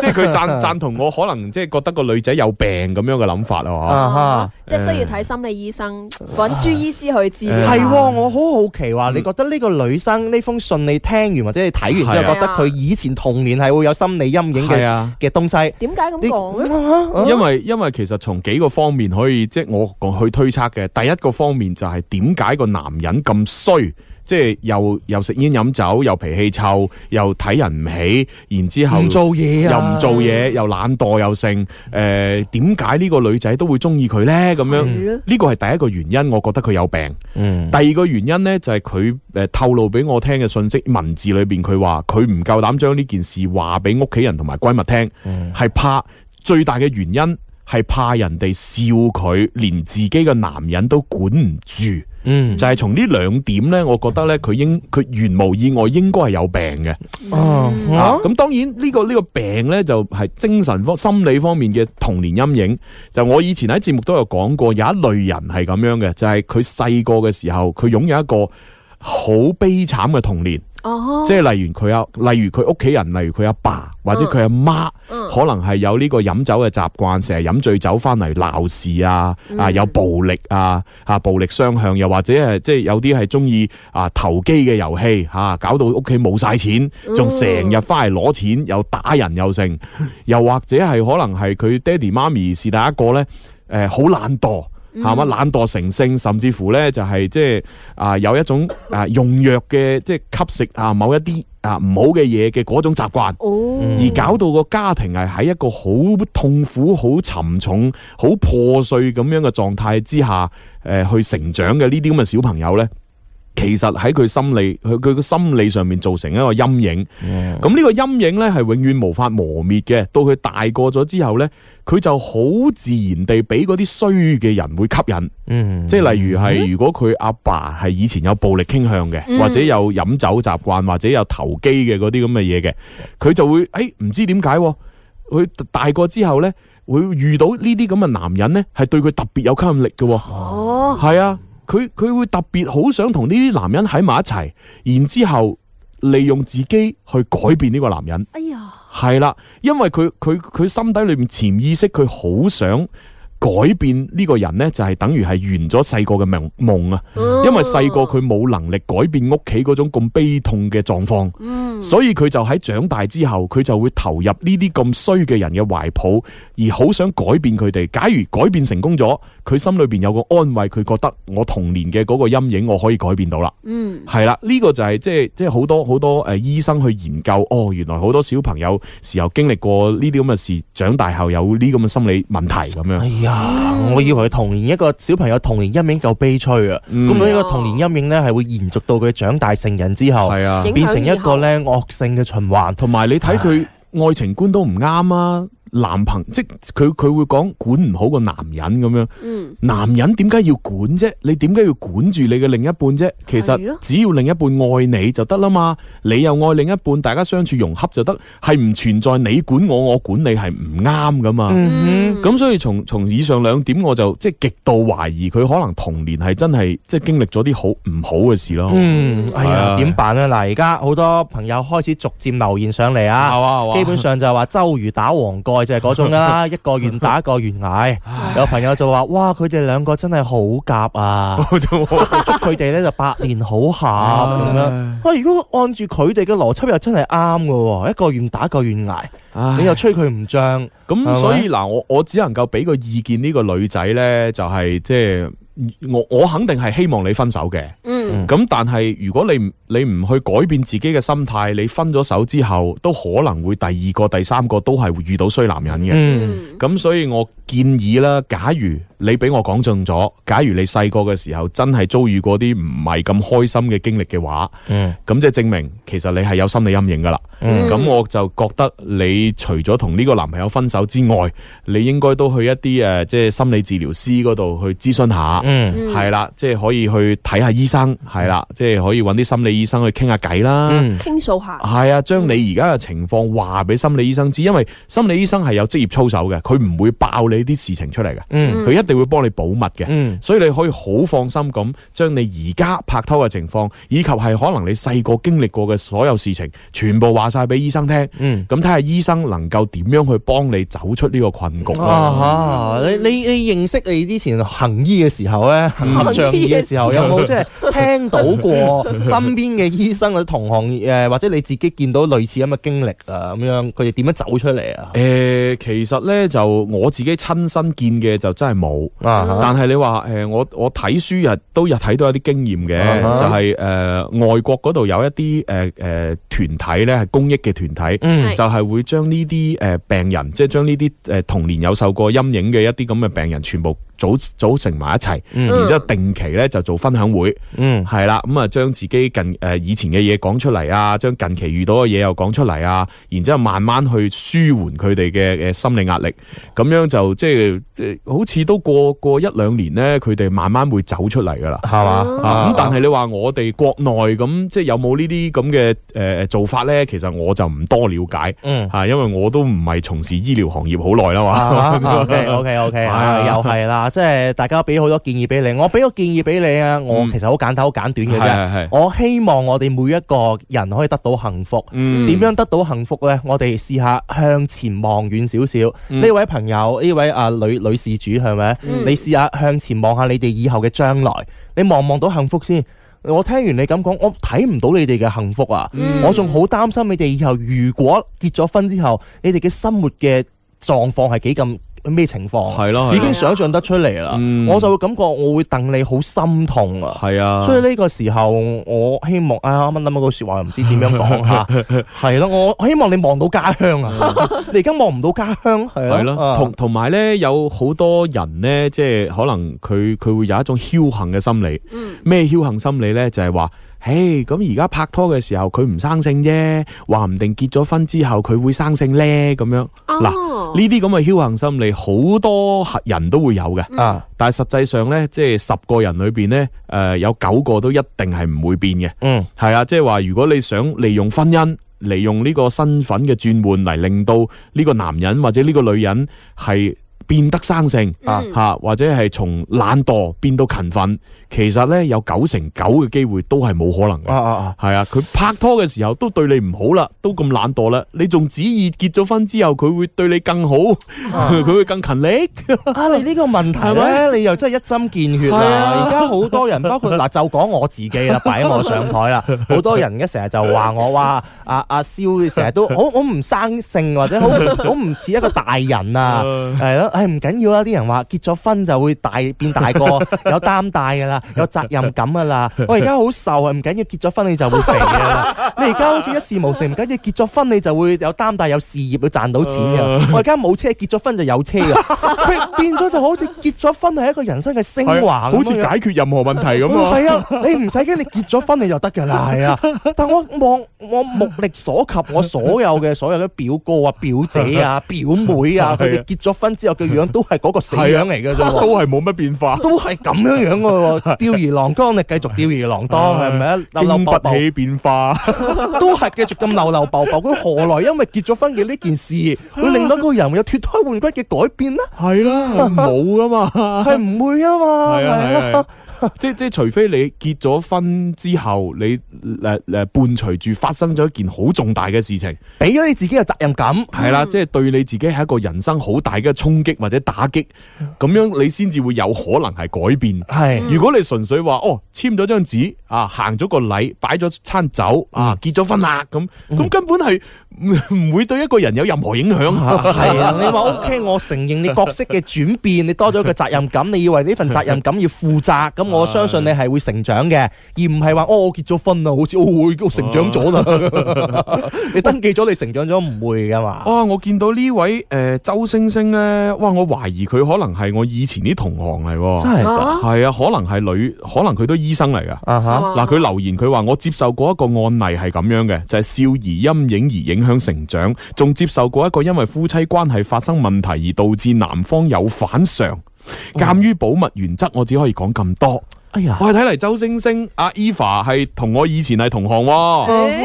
即係佢贊贊同我，可能即係覺得個女仔有病咁樣嘅諗法咯，啊啊，即係需要睇心理醫生，揾，啊，朱醫師去治療係、啊哦。我好好奇話，嗯，你覺得呢個女生呢封信你聽完或者你睇完之後，覺得佢以前童年係會有心理陰影嘅嘅東西？點解咁講？因為因為其實從幾個方面可以即係我講去推測嘅。第一個方面就係點解個男人咁衰。即係又又食煙飲酒又脾氣臭又睇人唔起，然之後做嘢、啊、又唔做嘢、嗯、又懶惰又剩。誒、呃，點解呢個女仔都會中意佢呢？咁樣呢、啊呢個係第一個原因，我覺得佢有病。嗯，第二個原因呢，就係佢誒透露俾我聽嘅信息，文字裏邊佢話佢唔夠膽將呢件事話俾屋企人同埋閨蜜聽，係、嗯、怕最大嘅原因係怕人哋笑佢，連自己嘅男人都管唔住。嗯，就係從呢兩點咧，我覺得咧佢應佢原無意外應該係有病嘅。哦，咁當然呢個呢個病咧就係精神方心理方面嘅童年陰影。就我以前喺節目都有講過，有一類人係咁樣嘅，就係佢細個嘅時候，佢擁有一個好悲慘嘅童年。哦，即係例如佢阿，例如佢屋企人，例如佢阿爸或者佢阿媽，可能係有呢個飲酒嘅習慣，成日飲醉酒翻嚟鬧事啊，啊有暴力啊，吓、啊、暴力雙向，又或者係即係有啲係中意啊投機嘅遊戲，吓搞到屋企冇晒錢，仲成日翻嚟攞錢又打人又剩，又或者係可能係佢爹哋媽咪是第一個咧，誒好懶惰。係嘛，懶惰成性，甚至乎咧就係即係啊有一種啊用藥嘅即係吸食啊某一啲啊唔好嘅嘢嘅嗰種習慣，哦，而搞到個家庭係喺一個好痛苦、好沉重、好破碎咁樣嘅狀態之下，誒去成長嘅呢啲咁嘅小朋友咧。其實喺佢心理，佢佢個心理上面造成一個陰影。咁、yeah. 呢個陰影咧係永遠無法磨滅嘅。到佢大個咗之後咧，佢就好自然地俾嗰啲衰嘅人會吸引。嗯，即係例如係如果佢阿爸係以前有暴力傾向嘅，mm. 或者有飲酒習慣，或者有投機嘅嗰啲咁嘅嘢嘅，佢就會誒唔知點解，佢大個之後咧會遇到呢啲咁嘅男人咧，係對佢特別有吸引力嘅。哦，係啊。佢佢會特別好想同呢啲男人喺埋一齊，然之後利用自己去改變呢個男人。哎呀，係啦，因為佢佢佢心底裏面潛意識，佢好想。改變呢個人呢，就係、是、等於係圓咗細個嘅夢夢啊！因為細個佢冇能力改變屋企嗰種咁悲痛嘅狀況，所以佢就喺長大之後，佢就會投入呢啲咁衰嘅人嘅懷抱，而好想改變佢哋。假如改變成功咗，佢心裏邊有個安慰，佢覺得我童年嘅嗰個陰影，我可以改變到啦。嗯，係啦，呢個就係即係即係好多好多誒醫生去研究哦，原來好多小朋友時候經歷過呢啲咁嘅事，長大後有呢啲咁嘅心理問題咁樣。哎呀啊、我以為童年一個小朋友童年陰影夠悲催啊，咁、嗯、樣一個童年陰影呢，係會延續到佢長大成人之後，係、啊、變成一個咧惡性嘅循環，同埋你睇佢愛情觀都唔啱啊。男朋友即佢佢會講，管唔好個男人咁樣，男人點解要管啫？你點解要管住你嘅另一半啫？其實只要另一半愛你就得啦嘛，你又愛另一半，大家相處融洽就得，係唔存在你管我，我管你係唔啱噶嘛？咁、mm -hmm. 所以從從以上兩點，我就即係極度懷疑佢可能童年係真係即係經歷咗啲好唔好嘅事咯。係、mm, 哎哎、啊，點辦咧？嗱，而家好多朋友開始逐漸留言上嚟啊， 基本上就係話周瑜打黃蓋。就係嗰種啦， 一個願打一個願挨。唉 有朋友就話，哇，佢哋兩個真係好夾啊！祝佢哋咧就百年好合咁唉 樣。哇，如果按住佢哋嘅邏輯又真係啱㗎，一個願打一個願挨，唉 你又吹佢唔脹。咁唉 吧所以嗱，我我只能夠俾個意見呢個女仔咧，就係、是、即係。我我肯定係希望你分手嘅，嗯、咁但係如果你唔你唔去改變自己嘅心態，你分咗手之後都可能會第二個、第三個都係會遇到衰男人嘅，嗯、咁所以我建議啦，假如你俾我講中咗，假如你細個嘅時候真係遭遇過啲唔係咁開心嘅經歷嘅話，咁、mm. 即係證明其實你係有心理陰影噶啦。咁、mm. 我就覺得你除咗同呢個男朋友分手之外，你應該都去一啲誒、啊，即係心理治療師嗰度去諮詢下，係、mm. 啦，即係可以去睇下醫生，係啦，即係可以搵啲心理醫生去傾下偈啦，傾訴下。係啊，將你而家嘅情況話俾心理醫生知，因為心理醫生係有職業操守嘅，佢唔會爆你。呢啲事情出嚟嘅，嗯，佢一定會幫你保密嘅，嗯，所以你可以好放心咁將你而家拍拖嘅情況，以及係可能你細個經歷過嘅所有事情，全部話晒俾醫生聽，嗯，咁睇下醫生能夠點樣去幫你走出呢個困局啦，啊。你你你認識你之前行醫嘅時候咧，行醫嘅時候有冇即係聽到過身邊嘅醫生或者 同行誒，或者你自己見到類似咁嘅經歷啊，咁樣佢哋點樣走出嚟啊？誒、呃，其實咧就我自己。親身見嘅就真係冇，uh -huh. 但係你話誒、呃，我我睇書啊都有睇到一啲經驗嘅，uh -huh. 就係、是、誒、呃、外國嗰度有一啲誒誒團體咧係公益嘅團體，uh -huh. 就係會將呢啲誒病人，即係將呢啲誒童年有受過陰影嘅一啲咁嘅病人全部。組組成埋一齊，然之後定期咧就做分享會，係、嗯、啦，咁啊將自己近誒、呃、以前嘅嘢講出嚟啊，將近期遇到嘅嘢又講出嚟啊，然之後慢慢去舒緩佢哋嘅誒心理壓力，咁樣就即係、呃，好似都過過一兩年咧，佢哋慢慢會走出嚟噶啦，係嘛，咁、啊、但係你話我哋國內咁即係有冇呢啲咁嘅誒做法咧？其實我就唔多了解，吓、嗯啊，因為我都唔係從事醫療行業好耐啦嘛。O K O K O K 又係啦。即係大家俾好多建議俾你，我俾個建議俾你啊！我其實好簡單、好、嗯、簡短嘅啫。是是是我希望我哋每一個人可以得到幸福。點、嗯、樣得到幸福呢？我哋試下向前望遠少少。呢、嗯、位朋友，呢位啊女女事主係咪？是是嗯、你試下向前望下你哋以後嘅將來。你望望到幸福先。我聽完你咁講，我睇唔到你哋嘅幸福啊！嗯、我仲好擔心你哋以後如果結咗婚之後，你哋嘅生活嘅狀況係幾咁？咩情況？係咯，已經想象得出嚟啦、啊嗯。我就會感覺，我會戥你好心痛啊。係啊，所以呢個時候，我希望啊，啱啱嗰個說話又唔知點樣講嚇。係咯，我希望你望到家鄉啊。 你而家望唔到家鄉係啊。咯、啊，同同埋咧，有好多人咧，即係可能佢佢會有一種僥倖嘅心理。咩、嗯、僥倖心理咧？就係、是、話。誒，咁而家拍拖嘅時候佢唔生性啫，話唔定結咗婚之後佢會生性呢。咁樣嗱呢啲咁嘅僥倖心理好多人都會有嘅。啊，mm.，但係實際上呢，即係十個人裏邊呢，誒有九個都一定係唔會變嘅。嗯，係啊，即係話如果你想利用婚姻，利用呢個身份嘅轉換嚟令到呢個男人或者呢個女人係變得生性啊吓、嗯，或者係從懶惰變到勤奮，其實咧有九成九嘅機會都係冇可能嘅。啊啊啊，係啊！佢拍拖嘅時候都對你唔好啦，都咁懶惰啦，你仲旨意結咗婚之後佢會對你更好，佢、啊、會更勤力。啊、你呢個問題咧，你又真係一針見血了啊！而家好多人，包括嗱， 就講我自己啦，擺喺我上台啦，好 多人一成日就話我話阿阿蕭，成、啊、日、啊、都好好唔生性，或者好好唔似一個大人啊，係 咯。唉，唔緊要啦！啲人話結咗婚就會大變大個，有擔戴噶啦，有責任感噶啦。我而家好瘦啊，唔緊要，結咗婚你就會肥噶啦。你而家好似一事無成，唔緊要，結咗婚你就會有擔戴，有事業去賺到錢嘅。我而家冇車，結咗婚就有車嘅。佢變咗就好似結咗婚係一個人生嘅升華，好似解決任何問題咁、啊。係、嗯、啊，你唔使驚，你結咗婚你就得噶啦。係啊，但我望我，我目力所及，我所有嘅所有嘅表哥啊、表姐啊、表妹啊，佢哋結咗婚之後，樣 都係嗰個死樣嚟嘅啫， 都係冇乜變化， 都係咁樣樣嘅喎，吊兒郎當，你繼續吊兒郎當係咪啊？諗不起變化，都係繼續咁流流勃勃，佢 何來因為結咗婚嘅呢件事會令到個人有脱胎換骨嘅改變呢？係啦，冇噶嘛，係唔 會啊嘛，係啦、 啊。是是是即係即除非你結咗婚之後，你誒誒、啊啊、伴隨住發生咗一件好重大嘅事情，俾咗你自己嘅責任感，係啦、嗯，即係對你自己係一個人生好大嘅衝擊或者打擊，咁樣你先至會有可能係改變。係、嗯、如果你純粹話哦，簽咗張紙啊，行咗個禮，擺咗餐酒啊，結咗婚啦，咁咁根本係。嗯唔 會對一個人有任何影響吓，係 啊！你話 O K，我承認你角色嘅轉變，你多咗個責任感，你以為呢份責任感要負責，咁 我相信你係會成長嘅，而唔係話哦我結咗婚啦，好似、哦、我會成長咗啦。 你登記咗，你成長咗唔會噶嘛、啊？我見到呢位誒、呃、周星星咧，哇！我懷疑佢可能係我以前啲同行嚟，真係係啊，啊，可能係女，可能佢都醫生嚟噶。嗱、啊，佢、啊啊、留言佢話我接受過一個案例係咁樣嘅，就係少兒陰影而影。向成長，仲接受過一個因為夫妻關係發生問題，而導致男方有反常。鑒於保密原則，我只可以講咁多。哎呀，我睇嚟周星星阿 Eva 係同我以前係同行喎，欸，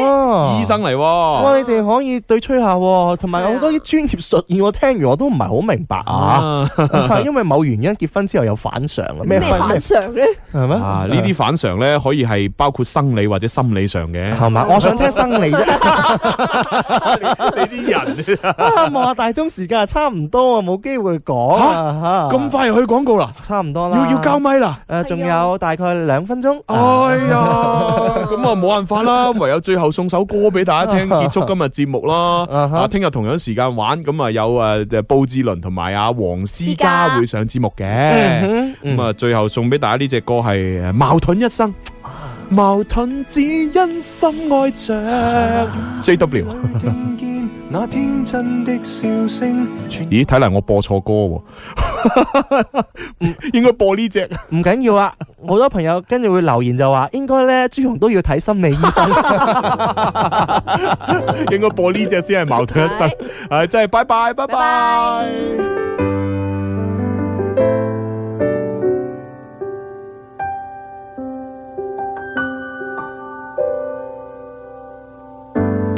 醫生嚟喎。你哋可以對吹下，同埋好多啲專業術語，我聽完我都唔係好明白啊。啊因為某原因結婚之後有反常，咩反常咧？係咩？呢啲反常咧，啊、可以係包括生理或者心理上嘅，係嘛？我想聽生理啫。呢 啲 人啊，望下大鐘時間差唔多沒機啊，冇機會講。咁快又去廣告啦，差唔多啦，要要交咪啦。誒、啊，仲有。大概兩分鐘。哎呀，咁啊冇辦法啦，唯有最後送首歌俾大家聽，結束今日節目啦。啊，聽日同樣時間玩，咁啊有誒，布志倫同埋阿黃思嘉會上節目嘅。咁啊、嗯嗯，最後送俾大家呢隻歌係《矛盾一生》， 矛盾只因深愛着。 JW。 那天真的笑聲，咦，睇嚟我播錯歌喎，唔 應該播呢隻，唔緊要啊。好多朋友跟住會留言就話，應該咧朱紅都要睇心理醫生， 應該播呢隻先係矛盾一生，唉， 真係，拜拜拜拜。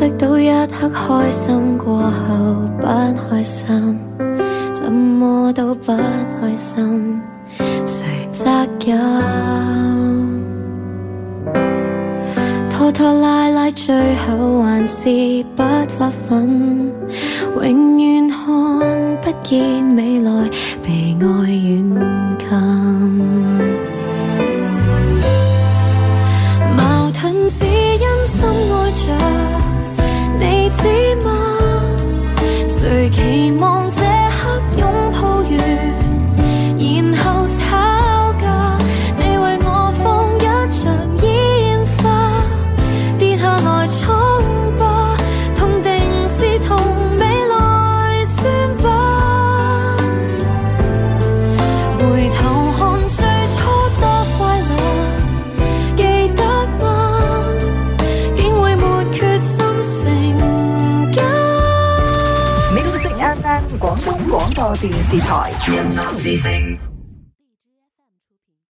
得到一刻開心過後不開心，怎麼都不開心，誰責任？拖拖拉拉最後還是不發奮，永遠看不見未來被愛軟禁。電視台。